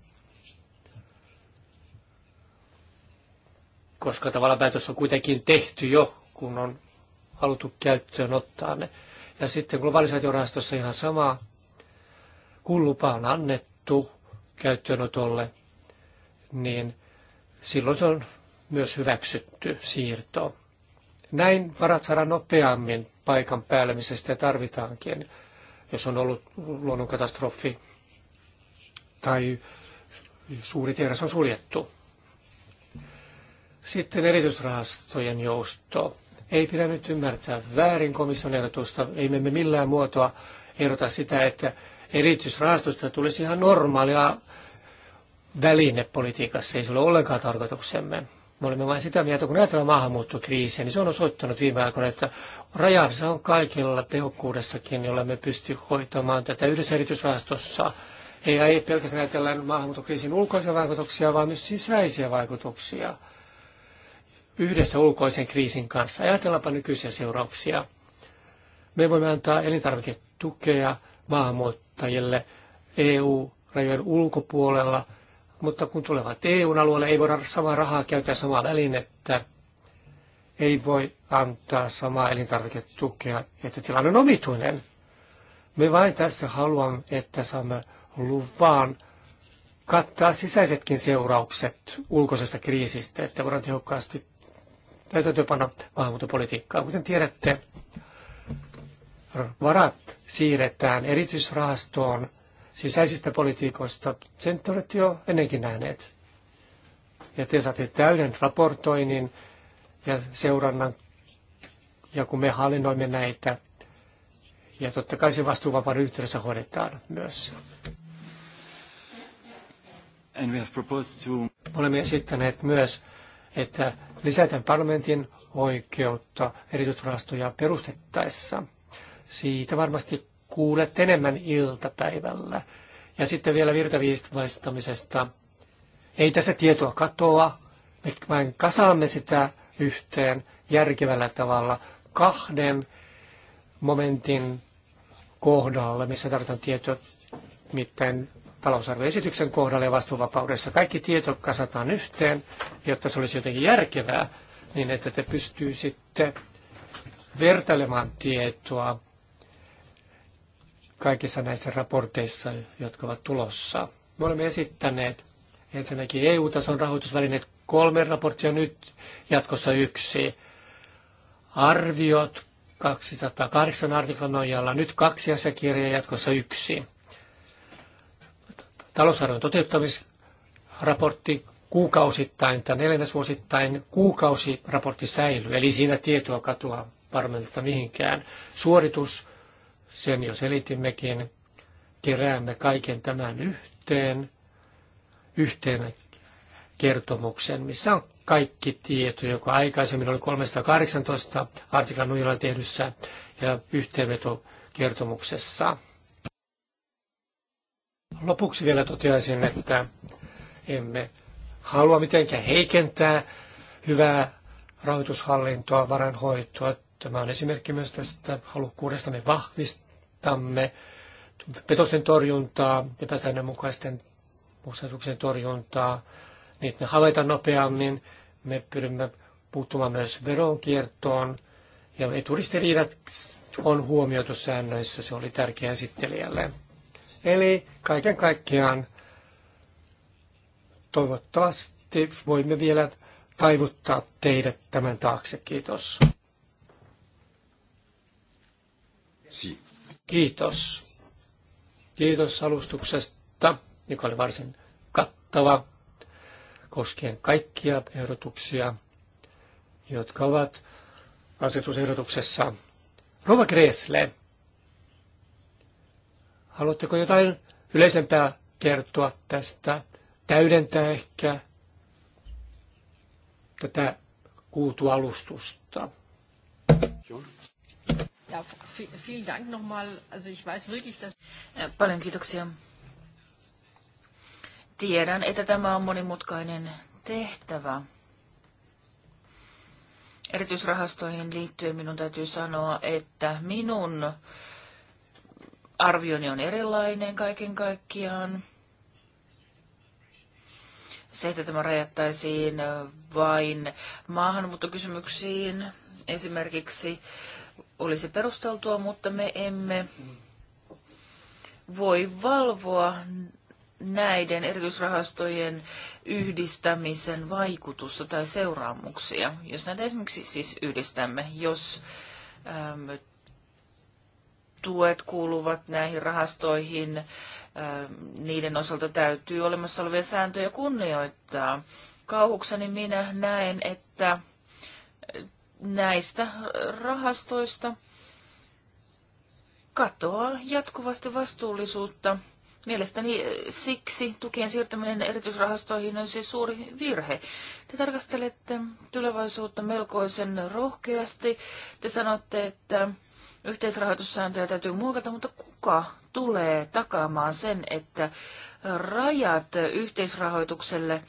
Koska tavallaan päätös on kuitenkin tehty jo, kun on haluttu käyttöön ottaa ne. Ja sitten globalisaatiorahastossa ihan sama, kun lupa on annettu käyttöönotolle, niin silloin se on myös hyväksytty siirto. Näin varat saadaan nopeammin paikan päälle, missä sitä tarvitaankin jos on ollut luonnonkatastrofi tai suuri tehdas on suljettu. Sitten erityisrahastojen jousto. Ei pidä nyt ymmärtää väärin komission ehdotusta. Ei me millään muotoa ehdota sitä, että erityisrahastosta tulisi ihan normaalia välinepolitiikassa Ei se ole ollenkaan tarkoituksemme. Me olemme vain sitä mieltä, kun ajatellaan maahanmuuttokriisiä, niin se on osoittanut viime aikoina, että rajansa on kaikilla tehokkuudessakin, jolla niin me pysty hoitamaan tätä yhdessä erityisrahastossa. Ei, ei pelkästään ajatella maahanmuuttokriisin ulkoisia vaikutuksia, vaan myös sisäisiä vaikutuksia yhdessä ulkoisen kriisin kanssa. Ajatellaanpa nykyisiä seurauksia. Me voimme antaa elintarviketukea maahanmuuttajille EU-rajojen ulkopuolella – mutta kun tulevat EU-alueelle, ei voida samaa rahaa käyttää samaa välinettä, ei voi antaa samaa elintarviketukea, että tilanne on omituinen. Me vain tässä haluamme, että saamme luvan kattaa sisäisetkin seuraukset ulkoisesta kriisistä, että voidaan tehokkaasti täytäntöönpanna maahanmuuttopolitiikkaa. Kuten tiedätte, varat siirretään erityisrahastoon – sisäisistä politiikoista. Sen te olette jo ennenkin nähneet. Ja te saatte täyden raportoinnin ja seurannan, ja kun me hallinnoimme näitä, ja totta kai se vastuuvapauden yhteydessä hoidetaan myös. And we have to... Olemme esittäneet myös, että lisätään parlamentin oikeutta erityisrahastoja perustettaessa. Siitä varmasti kuulet enemmän iltapäivällä. Ja sitten vielä virtaviivaistamisesta. Ei tässä tietoa katoa, vaan kasaamme sitä yhteen järkevällä tavalla kahden momentin kohdalla, missä tarvitaan tietoa, miten talousarvioesityksen kohdalla ja vastuuvapaudessa. Kaikki tieto kasataan yhteen, jotta se olisi jotenkin järkevää, niin että te pystyisitte vertailemaan tietoa kaikissa näissä raporteissa, jotka ovat tulossa. Me olemme esittäneet ensinnäkin EU-tason rahoitusvälineet kolme raporttia, nyt jatkossa yksi. Arviot 208 artiklan nojalla, nyt kaksi asiakirjaa, jatkossa yksi. Talousarvion toteuttamisraportti kuukausittain tai neljännesvuosittain kuukausiraportti säilyy, eli siinä tietoa katoa varmentaa mihinkään. Suoritus sen jo selitimmekin. Keräämme kaiken tämän yhteen, yhteen kertomuksen, missä on kaikki tieto, joka aikaisemmin oli 318 artiklan nujalla tehdyssä ja yhteenvetokertomuksessa. Lopuksi vielä toteaisin, että emme halua mitenkään heikentää hyvää rahoitushallintoa, varanhoitoa. Tämä on esimerkki myös tästä halukkuudestamme vahvistaa painotamme petosten torjuntaa, epäsäännönmukaisten kustannuksien torjuntaa, niin että me havaitaan nopeammin. Me pyrimme puuttumaan myös veronkiertoon ja eturistiriidat on huomioitu säännöissä, se oli tärkeä esittelijälle. Eli kaiken kaikkiaan toivottavasti voimme vielä taivuttaa teidät tämän taakse. Kiitos. Si. Kiitos. Kiitos alustuksesta, joka oli varsin kattava koskien kaikkia ehdotuksia, jotka ovat asetusehdotuksessa. Rova Kresle, haluatteko jotain yleisempää kertoa tästä, täydentää ehkä tätä kuultu alustusta? Ja, vielen Dank nochmal. Also ich weiß wirklich, dass... Paljon kiitoksia. Tiedän, että tämä on monimutkainen tehtävä. Erityisrahastoihin liittyen minun täytyy sanoa, että minun arvioni on erilainen kaiken kaikkiaan. Se, että tämä rajattaisiin vain maahanmuuttokysymyksiin esimerkiksi, olisi perusteltua, mutta me emme voi valvoa näiden erityisrahastojen yhdistämisen vaikutusta tai seuraamuksia. Jos näitä esimerkiksi siis yhdistämme, jos äm, tuet kuuluvat näihin rahastoihin, äm, niiden osalta täytyy olemassa olevia sääntöjä kunnioittaa. Kauhukseni minä näen, että näistä rahastoista katoaa jatkuvasti vastuullisuutta. Mielestäni siksi tukien siirtäminen erityisrahastoihin on siis suuri virhe. Te tarkastelette tulevaisuutta melkoisen rohkeasti. Te sanotte, että yhteisrahoitussääntöjä täytyy muokata, mutta kuka tulee takaamaan sen, että rajat yhteisrahoitukselle –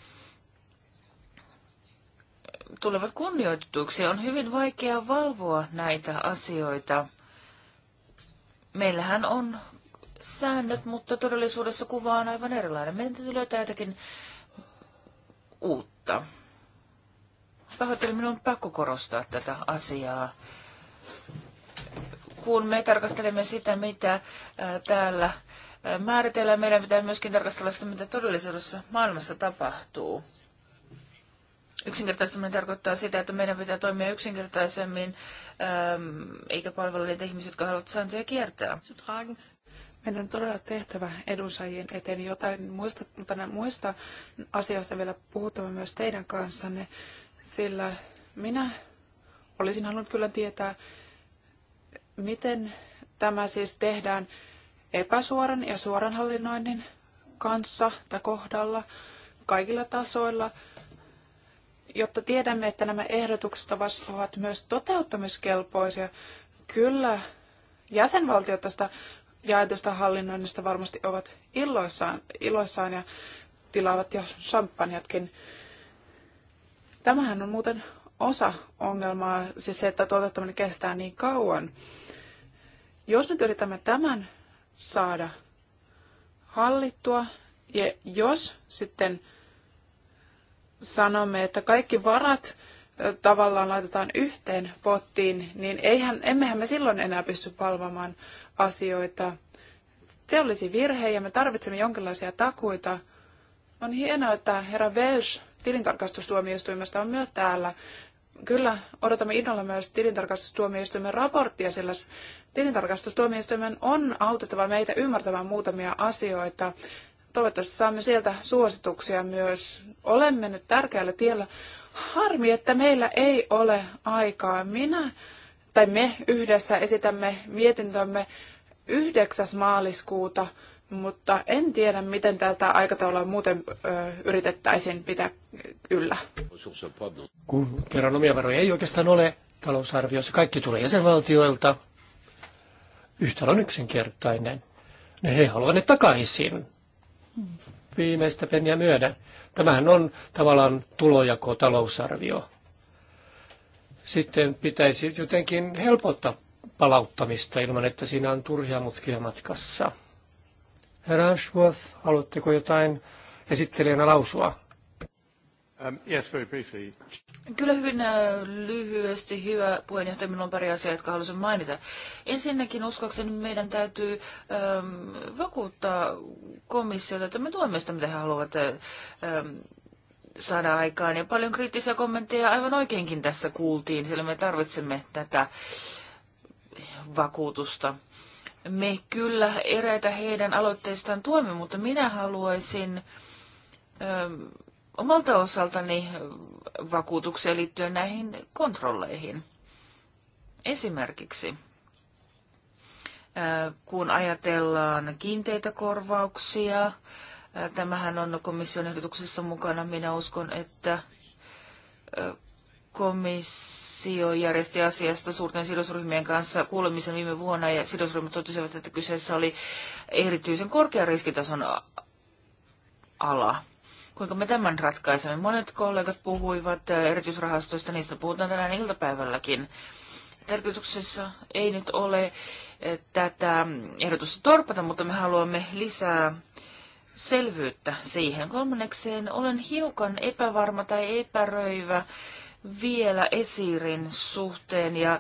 tulevat kunnioitetuiksi. On hyvin vaikea valvoa näitä asioita. Meillähän on säännöt, mutta todellisuudessa kuva on aivan erilainen. Meidän täytyy löytää jotakin uutta. Pahoittelen, minun on pakko korostaa tätä asiaa. Kun me tarkastelemme sitä, mitä täällä määritellään, meidän pitää myöskin tarkastella sitä, mitä todellisuudessa maailmassa tapahtuu. Yksinkertaistaminen tarkoittaa sitä, että meidän pitää toimia yksinkertaisemmin, ähm, eikä palvella niitä ihmisiä, jotka haluavat sääntöjä kiertää. Meidän on todella tehtävä edunsaajien eteen jotain muista, mutta muista asioista vielä puhuttava myös teidän kanssanne, sillä minä olisin halunnut kyllä tietää, miten tämä siis tehdään epäsuoran ja suoran hallinnoinnin kanssa tai kohdalla kaikilla tasoilla jotta tiedämme, että nämä ehdotukset ovat myös toteuttamiskelpoisia. Kyllä jäsenvaltiot tästä jaetusta hallinnoinnista varmasti ovat iloissaan, iloissaan ja tilaavat jo champanjatkin. Tämähän on muuten osa ongelmaa, siis se, että toteuttaminen kestää niin kauan. Jos nyt yritämme tämän saada hallittua, ja jos sitten sanomme, että kaikki varat tavallaan laitetaan yhteen pottiin, niin eihän, emmehän me silloin enää pysty palvamaan asioita. Se olisi virhe ja me tarvitsemme jonkinlaisia takuita. On hienoa, että herra Welsh tilintarkastustuomioistuimesta on myös täällä. Kyllä, odotamme innolla myös tilintarkastustuomioistuimen raporttia, sillä tilintarkastustuomioistuimen on autettava meitä ymmärtämään muutamia asioita. Toivottavasti saamme sieltä suosituksia myös. Olemme nyt tärkeällä tiellä. Harmi, että meillä ei ole aikaa. Minä tai me yhdessä esitämme mietintömme 9. maaliskuuta, mutta en tiedä, miten tätä aikataulua muuten ö, yritettäisiin pitää yllä. Kun kerran omia varoja ei oikeastaan ole talousarviossa, kaikki tulee jäsenvaltioilta. Yhtälö on yksinkertainen. Ne he haluavat ne takaisin viimeistä penniä myödä. Tämähän on tavallaan tulojako talousarvio. Sitten pitäisi jotenkin helpottaa palauttamista ilman, että siinä on turhia mutkia matkassa. Herra Ashworth, haluatteko jotain esittelijänä lausua? Um, yes, very briefly. Kyllä hyvin äh, lyhyesti, hyvä puheenjohtaja, minulla on pari asiaa, jotka haluaisin mainita. Ensinnäkin uskoakseni meidän täytyy ähm, vakuuttaa komissiota, että me tuemme sitä, mitä he haluavat äh, ähm, saada aikaan. Ja paljon kriittisiä kommentteja aivan oikeinkin tässä kuultiin, sillä me tarvitsemme tätä vakuutusta. Me kyllä eräitä heidän aloitteistaan tuemme, mutta minä haluaisin... Ähm, omalta osaltani vakuutuksia liittyen näihin kontrolleihin. Esimerkiksi kun ajatellaan kiinteitä korvauksia, tämähän on komission ehdotuksessa mukana, minä uskon, että komissio järjesti asiasta suurten sidosryhmien kanssa kuulemisen viime vuonna ja sidosryhmät totesivat, että kyseessä oli erityisen korkean riskitason ala kuinka me tämän ratkaisemme. Monet kollegat puhuivat äh, erityisrahastoista, niistä puhutaan tänään iltapäivälläkin. Tarkoituksessa ei nyt ole äh, tätä ehdotusta torpata, mutta me haluamme lisää selvyyttä siihen. Kolmannekseen olen hiukan epävarma tai epäröivä vielä esirin suhteen ja äm,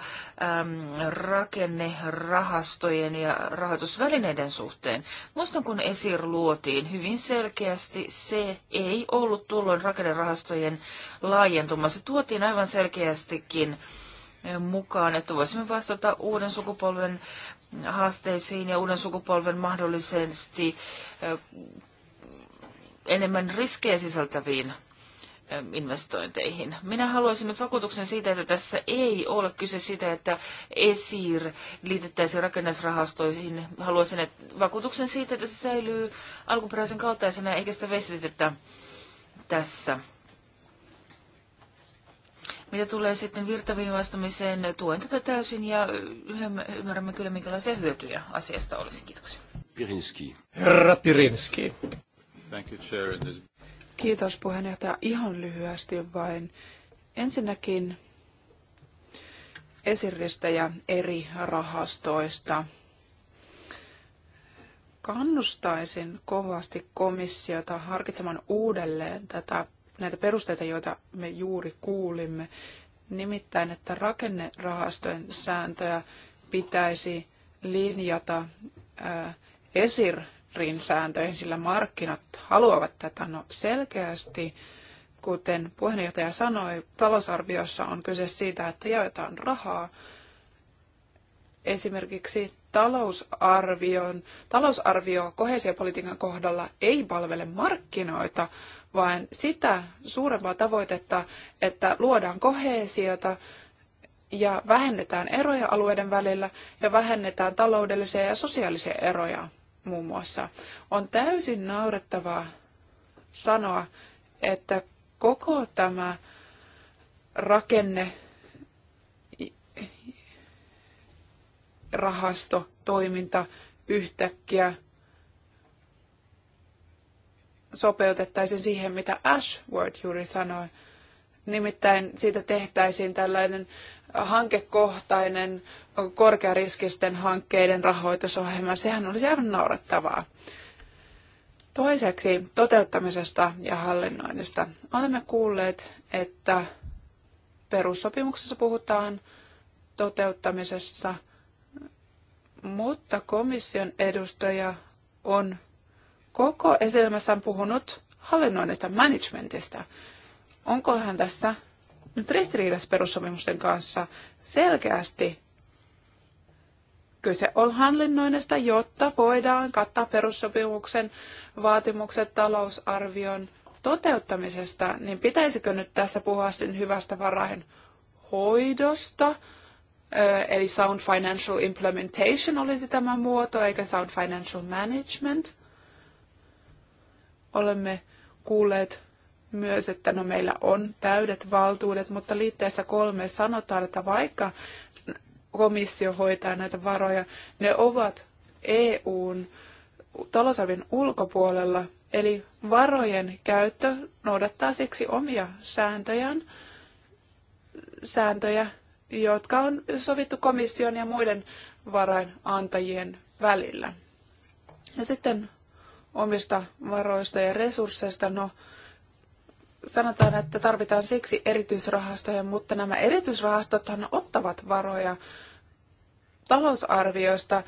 rakennerahastojen ja rahoitusvälineiden suhteen. Muistan, kun esir luotiin hyvin selkeästi, se ei ollut tuolloin rakennerahastojen laajentuma. Se tuotiin aivan selkeästikin mukaan, että voisimme vastata uuden sukupolven haasteisiin ja uuden sukupolven mahdollisesti enemmän riskejä sisältäviin investointeihin. Minä haluaisin nyt vakuutuksen siitä, että tässä ei ole kyse siitä, että ESIR liitettäisiin rakennusrahastoihin. Haluaisin että vakuutuksen siitä, että se säilyy alkuperäisen kaltaisena eikä sitä vesitetä tässä. Mitä tulee sitten virtaviivaistumiseen, tuen tätä täysin ja ymmärrämme kyllä, minkälaisia hyötyjä asiasta olisi. Kiitoksia. Pirinski. Herra Pirinski. Thank you, Chair. Kiitos puheenjohtaja. Ihan lyhyesti vain. Ensinnäkin esiristejä eri rahastoista. Kannustaisin kovasti komissiota harkitsemaan uudelleen tätä, näitä perusteita, joita me juuri kuulimme. Nimittäin, että rakennerahastojen sääntöjä pitäisi linjata ää, esir Rin sääntöihin, sillä markkinat haluavat tätä. No selkeästi, kuten puheenjohtaja sanoi, talousarviossa on kyse siitä, että jaetaan rahaa. Esimerkiksi talousarvion, talousarvio kohesiopolitiikan kohdalla ei palvele markkinoita, vaan sitä suurempaa tavoitetta, että luodaan kohesiota ja vähennetään eroja alueiden välillä ja vähennetään taloudellisia ja sosiaalisia eroja muun muassa. On täysin naurettavaa sanoa, että koko tämä rakenne toiminta yhtäkkiä sopeutettaisiin siihen, mitä Ashworth juuri sanoi. Nimittäin siitä tehtäisiin tällainen hankekohtainen korkeariskisten hankkeiden rahoitusohjelma. Sehän olisi aivan naurettavaa. Toiseksi toteuttamisesta ja hallinnoinnista. Olemme kuulleet, että perussopimuksessa puhutaan toteuttamisessa, mutta komission edustaja on koko esitelmässään puhunut hallinnoinnista, managementista. Onko hän tässä nyt ristiriidassa perussopimusten kanssa? Selkeästi Kyse on hallinnoinnista, jotta voidaan kattaa perussopimuksen vaatimukset talousarvion toteuttamisesta, niin pitäisikö nyt tässä puhua sen hyvästä varain hoidosta, eli sound financial implementation olisi tämä muoto, eikä sound financial management. Olemme kuulleet myös, että no meillä on täydet valtuudet, mutta liitteessä kolme sanotaan, että vaikka komissio hoitaa näitä varoja. Ne ovat EUn talousarvion ulkopuolella, eli varojen käyttö noudattaa siksi omia sääntöjään, sääntöjä, jotka on sovittu komission ja muiden varainantajien välillä. Ja sitten omista varoista ja resursseista, no sanotaan, että tarvitaan siksi erityisrahastoja, mutta nämä erityisrahastothan ottavat varoja talousarviosta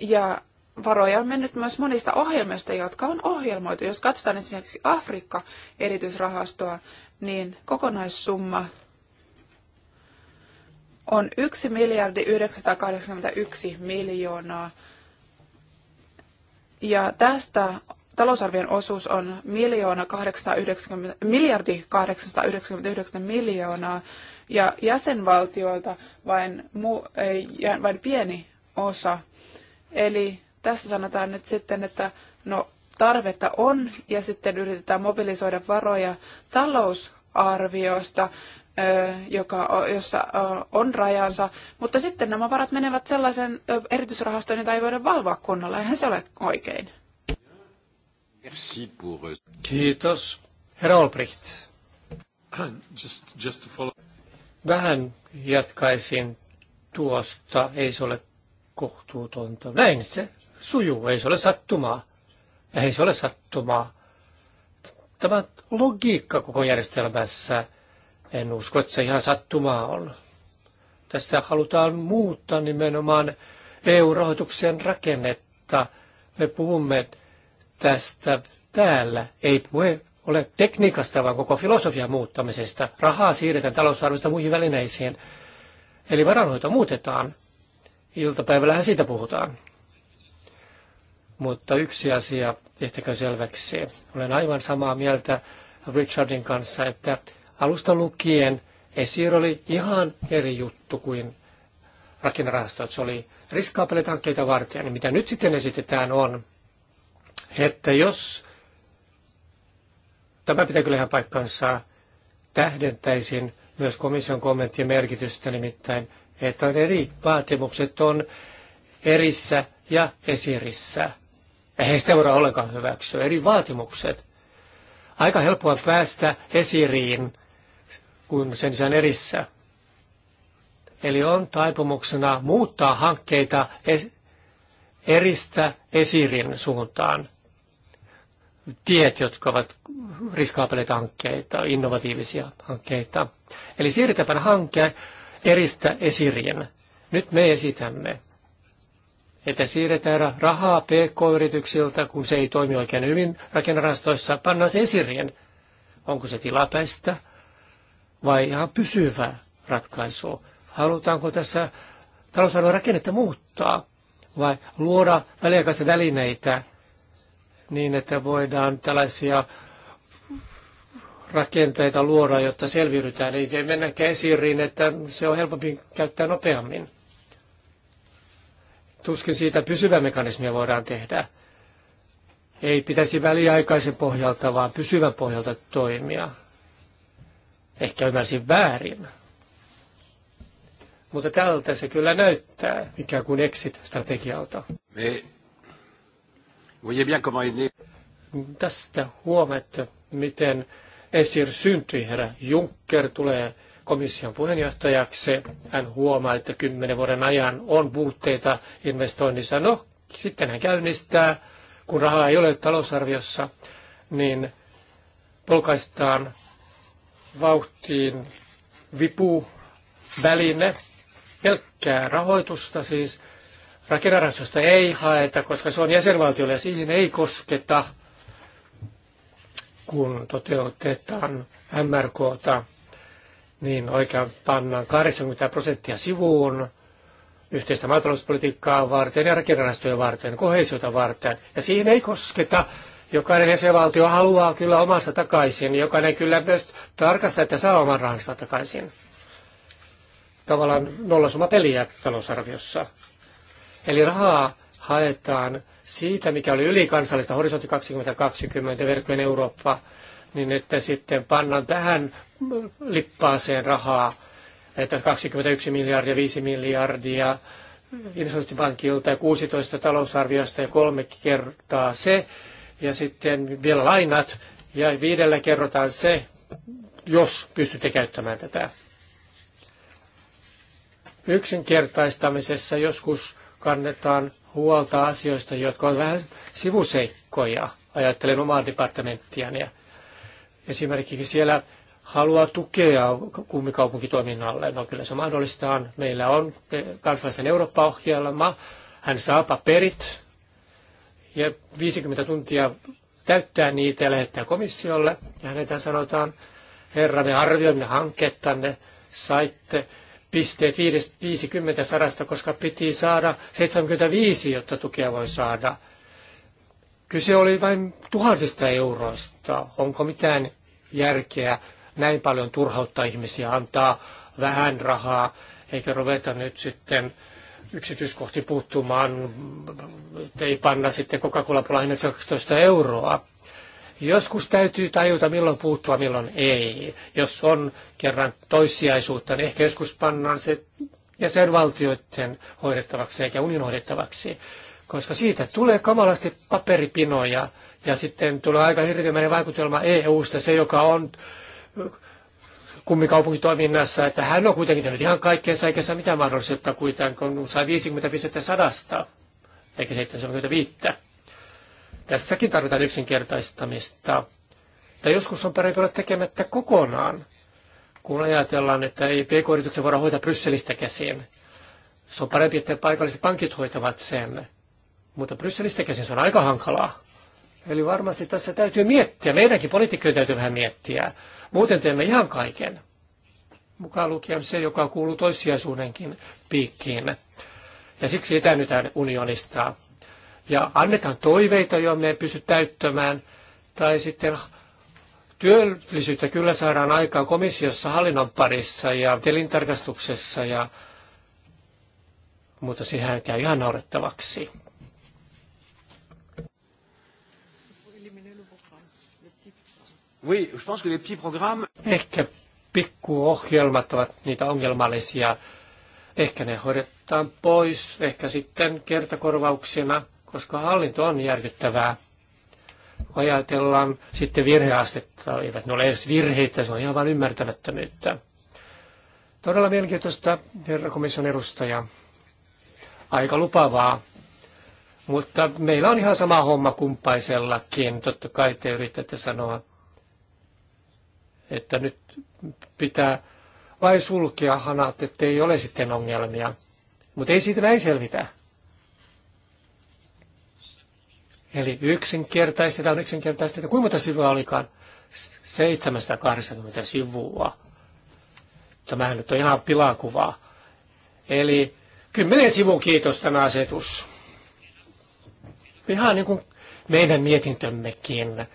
ja varoja on mennyt myös monista ohjelmista, jotka on ohjelmoitu. Jos katsotaan esimerkiksi Afrikka-erityisrahastoa, niin kokonaissumma on 1 miljardi 981 miljoonaa. Ja tästä talousarvion osuus on miljoona 890, miljardi 899 miljoonaa ja jäsenvaltioilta vain, mu, vain pieni osa. Eli tässä sanotaan nyt sitten, että no tarvetta on ja sitten yritetään mobilisoida varoja talousarviosta, joka, jossa on rajansa, mutta sitten nämä varat menevät sellaisen erityisrahastoon, jota ei voida valvoa kunnolla, eihän se ole oikein. Merci pour... Euh, Kiitos. Herra Olbricht. Just, just to follow. Vähän jatkaisin tuosta, ei se ole kohtuutonta. Näin se sujuu, ei se ole sattumaa. Ei se ole sattumaa. Tämä logiikka koko järjestelmässä, en usko, että se ihan sattumaa on. Tässä halutaan muuttaa nimenomaan EU-rahoituksen rakennetta. Me puhumme tästä täällä. Ei puhe ole tekniikasta, vaan koko filosofian muuttamisesta. Rahaa siirretään talousarvosta muihin välineisiin. Eli varanhoito muutetaan. Iltapäivällähän siitä puhutaan. Mutta yksi asia tehtäkö selväksi. Olen aivan samaa mieltä Richardin kanssa, että alusta lukien Esir oli ihan eri juttu kuin rakennerahastot. Se oli riskaapeleita hankkeita varten. Mitä nyt sitten esitetään on, että jos tämä pitää kyllä ihan paikkansa, tähdentäisin myös komission kommenttien merkitystä nimittäin, että on eri vaatimukset on erissä ja esirissä. Eihän sitä voida ollenkaan hyväksyä, eri vaatimukset. Aika helppoa päästä esiriin kuin sen sijaan erissä. Eli on taipumuksena muuttaa hankkeita e-, eristä esirin suuntaan tiet, jotka ovat riskaapeleita hankkeita, innovatiivisia hankkeita. Eli siirretäpän hanke eristä esirien. Nyt me esitämme, että siirretään rahaa PK-yrityksiltä, kun se ei toimi oikein hyvin rakennerastoissa, pannaan se esirien. Onko se tilapäistä vai ihan pysyvä ratkaisu? Halutaanko tässä talousarvon rakennetta muuttaa vai luoda väliaikaisia välineitä niin, että voidaan tällaisia rakenteita luoda, jotta selviydytään. Ei mennä käsiriin, että se on helpompi käyttää nopeammin. Tuskin siitä pysyvä mekanismia voidaan tehdä. Ei pitäisi väliaikaisen pohjalta, vaan pysyvän pohjalta toimia. Ehkä ymmärsin väärin. Mutta tältä se kyllä näyttää, mikä kuin exit-strategialta. Me Tästä huomaatte, miten Esir syntyi herra Juncker, tulee komission puheenjohtajaksi. Hän huomaa, että kymmenen vuoden ajan on puutteita investoinnissa. No, sitten hän käynnistää, kun rahaa ei ole talousarviossa, niin polkaistaan vauhtiin vipuväline, pelkkää rahoitusta siis, Rakennerahastosta ei haeta, koska se on jäsenvaltiolle ja siihen ei kosketa, kun toteutetaan MRKta, niin oikein pannaan 80 prosenttia sivuun yhteistä maatalouspolitiikkaa varten ja rakennerahastoja varten, kohesiota varten. Ja siihen ei kosketa. Jokainen jäsenvaltio haluaa kyllä omansa takaisin. Jokainen kyllä myös tarkastaa, että saa oman rahansa takaisin. Tavallaan nollasuma peliä talousarviossa. Eli rahaa haetaan siitä, mikä oli ylikansallista horisontti 2020 verkkojen Eurooppa, niin että sitten pannaan tähän lippaaseen rahaa, että 21 miljardia, 5 miljardia investointipankilta ja 16 talousarviosta ja kolme kertaa se, ja sitten vielä lainat, ja viidellä kerrotaan se, jos pystytte käyttämään tätä. Yksinkertaistamisessa joskus kannetaan huolta asioista, jotka on vähän sivuseikkoja. Ajattelen omaa departementtiani. Esimerkiksi siellä haluaa tukea kummikaupunkitoiminnalle. No kyllä se mahdollistaa. Meillä on eh, kansallisen Eurooppa-ohjelma. Hän saa paperit ja 50 tuntia täyttää niitä ja lähettää komissiolle. Ja hänetä sanotaan, herra, me arvioimme hankettanne, saitte pisteet 50 sarasta, koska piti saada 75, jotta tukea voi saada. Kyse oli vain tuhansista euroista. Onko mitään järkeä näin paljon turhauttaa ihmisiä, antaa vähän rahaa, eikä ruveta nyt sitten yksityiskohti puuttumaan, ei panna sitten Coca-Cola 12 euroa. Joskus täytyy tajuta, milloin puuttua, milloin ei. Jos on kerran toissijaisuutta, niin ehkä joskus pannaan se jäsenvaltioiden hoidettavaksi eikä unionin hoidettavaksi, koska siitä tulee kamalasti paperipinoja ja sitten tulee aika hirveämäinen vaikutelma EUsta, se joka on kummikaupunkitoiminnassa, että hän on kuitenkin tehnyt ihan kaikkeensa eikä saa mitään mahdollisuutta kuitenkaan, kun sai 50 pistettä sadasta, eikä 75. Tässäkin tarvitaan yksinkertaistamista. Tai joskus on parempi olla tekemättä kokonaan, kun ajatellaan, että ei pk-yrityksen voida hoitaa Brysselistä käsin. Se on parempi, että paikalliset pankit hoitavat sen. Mutta Brysselistä käsin se on aika hankalaa. Eli varmasti tässä täytyy miettiä, meidänkin poliitikkojen täytyy vähän miettiä. Muuten teemme ihan kaiken. Mukaan lukien se, joka kuuluu toissijaisuudenkin piikkiin. Ja siksi etäännytään unionista ja annetaan toiveita, joilla me ei pysty täyttämään, tai sitten työllisyyttä kyllä saadaan aikaan komissiossa, hallinnon parissa ja telintarkastuksessa, ja, mutta sehän käy ihan naurettavaksi. Ehkä pikkuohjelmat ovat niitä ongelmallisia. Ehkä ne hoidetaan pois, ehkä sitten kertakorvauksena – koska hallinto on järkyttävää. Ajatellaan sitten virheastetta, eivät ne ole edes virheitä, se on ihan vain ymmärtämättömyyttä. Todella mielenkiintoista, herra komission edustaja. Aika lupavaa. Mutta meillä on ihan sama homma kumppaisellakin. Totta kai te yritätte sanoa, että nyt pitää vain sulkea hanat, ettei ole sitten ongelmia. Mutta ei siitä näin selvitä. Eli yksinkertaistetaan, yksinkertaistetaan. Kuinka monta sivua olikaan? 780 sivua. Tämähän nyt on ihan pilakuvaa. Eli kymmenen sivun kiitos tämä asetus. Ihan niin kuin meidän mietintömmekin.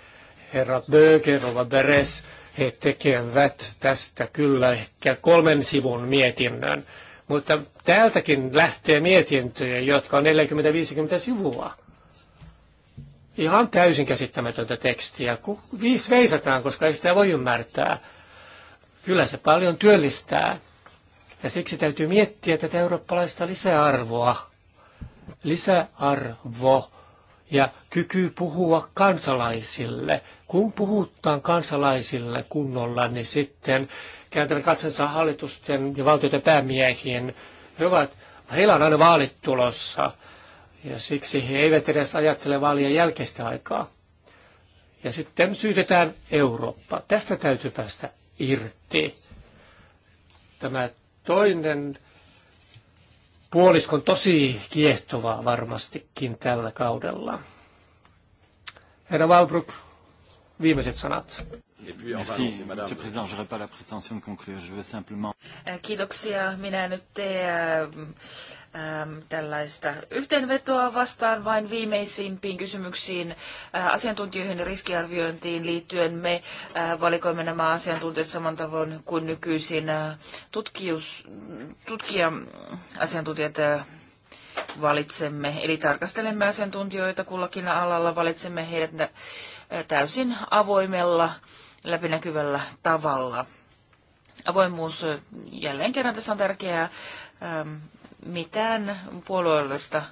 Herra Böger, Rova Beres, he tekevät tästä kyllä ehkä kolmen sivun mietinnön. Mutta täältäkin lähtee mietintöjä, jotka on 40-50 sivua ihan täysin käsittämätöntä tekstiä. Viisi veisataan, koska ei sitä voi ymmärtää. Kyllä se paljon työllistää. Ja siksi täytyy miettiä tätä eurooppalaista lisäarvoa. Lisäarvo ja kyky puhua kansalaisille. Kun puhutaan kansalaisille kunnolla, niin sitten kääntävät katsensa hallitusten ja valtioiden päämiehiin. He ovat, heillä on aina vaalit tulossa. Ja siksi he eivät edes ajattele vaalien jälkeistä aikaa. Ja sitten syytetään Eurooppa. Tässä täytyy päästä irti. Tämä toinen puoliskon tosi kiehtovaa varmastikin tällä kaudella. Herra Valbruk, viimeiset sanat. Merci, Monsieur Président. Je pas la prétention de conclure. Je veux simplement... Eh, kiitoksia. Minä nyt teen äh, eh, eh, tällaista yhteenvetoa vastaan vain viimeisimpiin kysymyksiin äh, asiantuntijoihin ja riskiarviointiin liittyen. Me äh, valikoimme nämä asiantuntijat saman tavoin kuin nykyisin äh, tutkijus, tutkija-asiantuntijat äh, valitsemme. Eli tarkastelemme asiantuntijoita kullakin alalla, valitsemme heidät täysin avoimella läpinäkyvällä tavalla. Avoimuus jälleen kerran tässä on tärkeää. Ähm, mitään puolueellista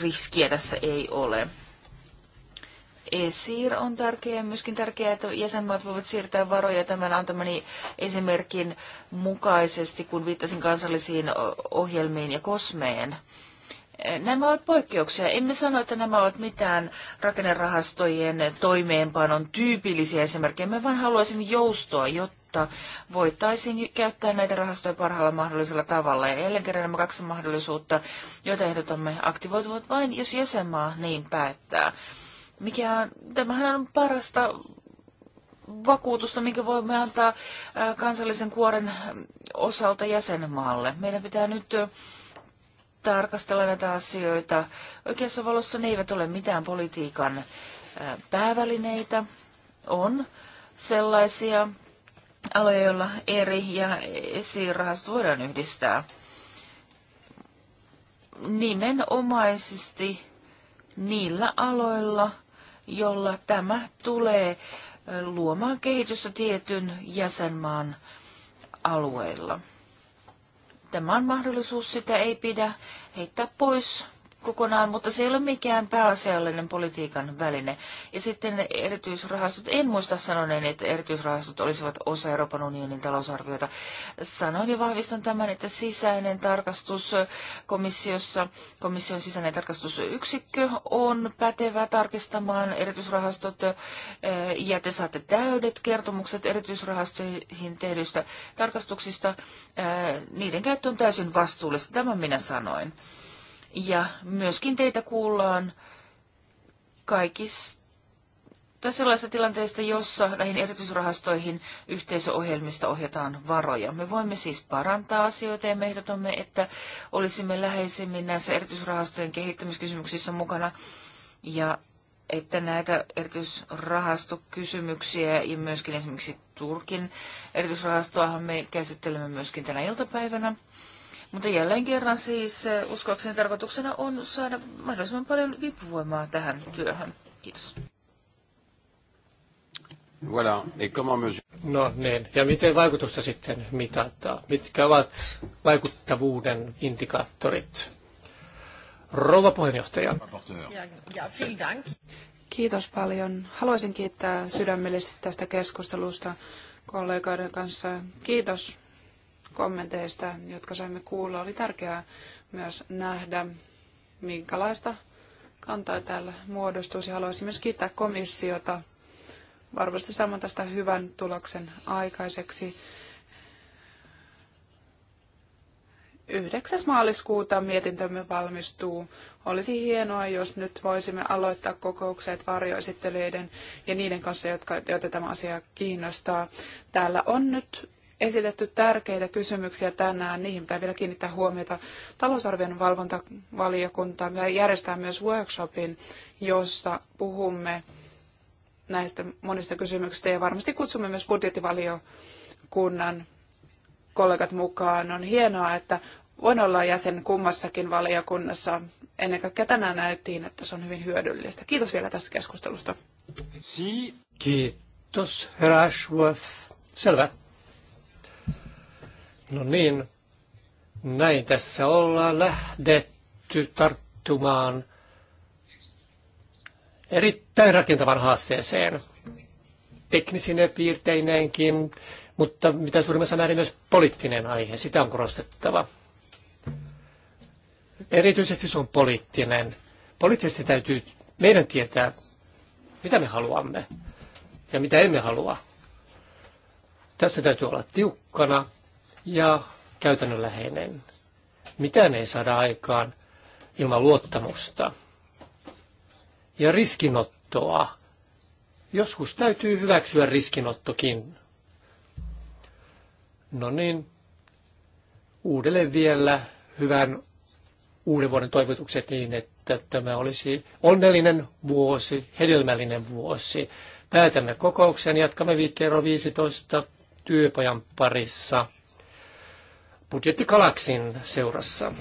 riskiä tässä ei ole. ESIR on tärkeää. Myöskin tärkeää, että jäsenmaat voivat siirtää varoja tämän antamani esimerkin mukaisesti, kun viittasin kansallisiin ohjelmiin ja kosmeen. Nämä ovat poikkeuksia. Emme sano, että nämä ovat mitään rakennerahastojen toimeenpanon tyypillisiä esimerkkejä. Me vain haluaisimme joustoa, jotta voitaisiin käyttää näitä rahastoja parhaalla mahdollisella tavalla. Ja jälleen kerran nämä kaksi mahdollisuutta, joita ehdotamme, aktivoituvat vain, jos jäsenmaa niin päättää. Mikä on, tämähän on parasta vakuutusta, minkä voimme antaa kansallisen kuoren osalta jäsenmaalle. Meidän pitää nyt tarkastella näitä asioita. Oikeassa valossa ne eivät ole mitään politiikan päävälineitä. On sellaisia aloja, joilla eri ja esirahastot voidaan yhdistää nimenomaisesti niillä aloilla, jolla tämä tulee luomaan kehitystä tietyn jäsenmaan alueilla. Tämä on mahdollisuus, sitä ei pidä heittää pois kokonaan, mutta se ei ole mikään pääasiallinen politiikan väline. Ja sitten erityisrahastot, en muista sanoneen, että erityisrahastot olisivat osa Euroopan unionin talousarviota. Sanoin ja vahvistan tämän, että sisäinen tarkastus komissiossa, komission sisäinen tarkastusyksikkö on pätevä tarkistamaan erityisrahastot eh, ja te saatte täydet kertomukset erityisrahastoihin tehdyistä tarkastuksista. Eh, niiden käyttö on täysin vastuullista, tämän minä sanoin ja myöskin teitä kuullaan kaikista sellaisista tilanteista, jossa näihin erityisrahastoihin yhteisöohjelmista ohjataan varoja. Me voimme siis parantaa asioita ja me ehdotamme, että olisimme läheisemmin näissä erityisrahastojen kehittämiskysymyksissä mukana ja että näitä erityisrahastokysymyksiä ja myöskin esimerkiksi Turkin erityisrahastoahan me käsittelemme myöskin tänä iltapäivänä. Mutta jälleen kerran siis eh, uskoakseni tarkoituksena on saada mahdollisimman paljon vipuvoimaa tähän työhön. Kiitos. Voilà. Myös... No niin. Ja miten vaikutusta sitten mitataan? Mitkä ovat vaikuttavuuden indikaattorit? Rouva puheenjohtaja. Ja, vielen Kiitos paljon. Haluaisin kiittää sydämellisesti tästä keskustelusta kollegoiden kanssa. Kiitos kommenteista, jotka saimme kuulla. Oli tärkeää myös nähdä, minkälaista kantaa täällä muodostuisi. Haluaisin myös kiittää komissiota. Varmasti saamme tästä hyvän tuloksen aikaiseksi. 9. maaliskuuta mietintömme valmistuu. Olisi hienoa, jos nyt voisimme aloittaa kokoukset varjoesittelijöiden ja niiden kanssa, jotka, joita tämä asia kiinnostaa. Täällä on nyt esitetty tärkeitä kysymyksiä tänään, niihin pitää vielä kiinnittää huomiota. Talousarvion valvontavaliokunta järjestää myös workshopin, jossa puhumme näistä monista kysymyksistä ja varmasti kutsumme myös budjettivaliokunnan kollegat mukaan. On hienoa, että voin olla jäsen kummassakin valiokunnassa. Ennen kaikkea tänään näyttiin, että se on hyvin hyödyllistä. Kiitos vielä tästä keskustelusta. Kiitos, herra Selvä. No niin, näin tässä ollaan lähdetty tarttumaan erittäin rakentavan haasteeseen. Teknisine piirteineenkin, mutta mitä suurimmassa määrin myös poliittinen aihe, sitä on korostettava. Erityisesti se on poliittinen. Poliittisesti täytyy meidän tietää, mitä me haluamme ja mitä emme halua. Tässä täytyy olla tiukkana ja käytännönläheinen. Mitään ei saada aikaan ilman luottamusta ja riskinottoa. Joskus täytyy hyväksyä riskinottokin. No niin, uudelleen vielä hyvän uuden vuoden toivotukset niin, että tämä olisi onnellinen vuosi, hedelmällinen vuosi. Päätämme kokouksen, jatkamme viikkeero 15 työpajan parissa budjetti Kalaksin seurassa.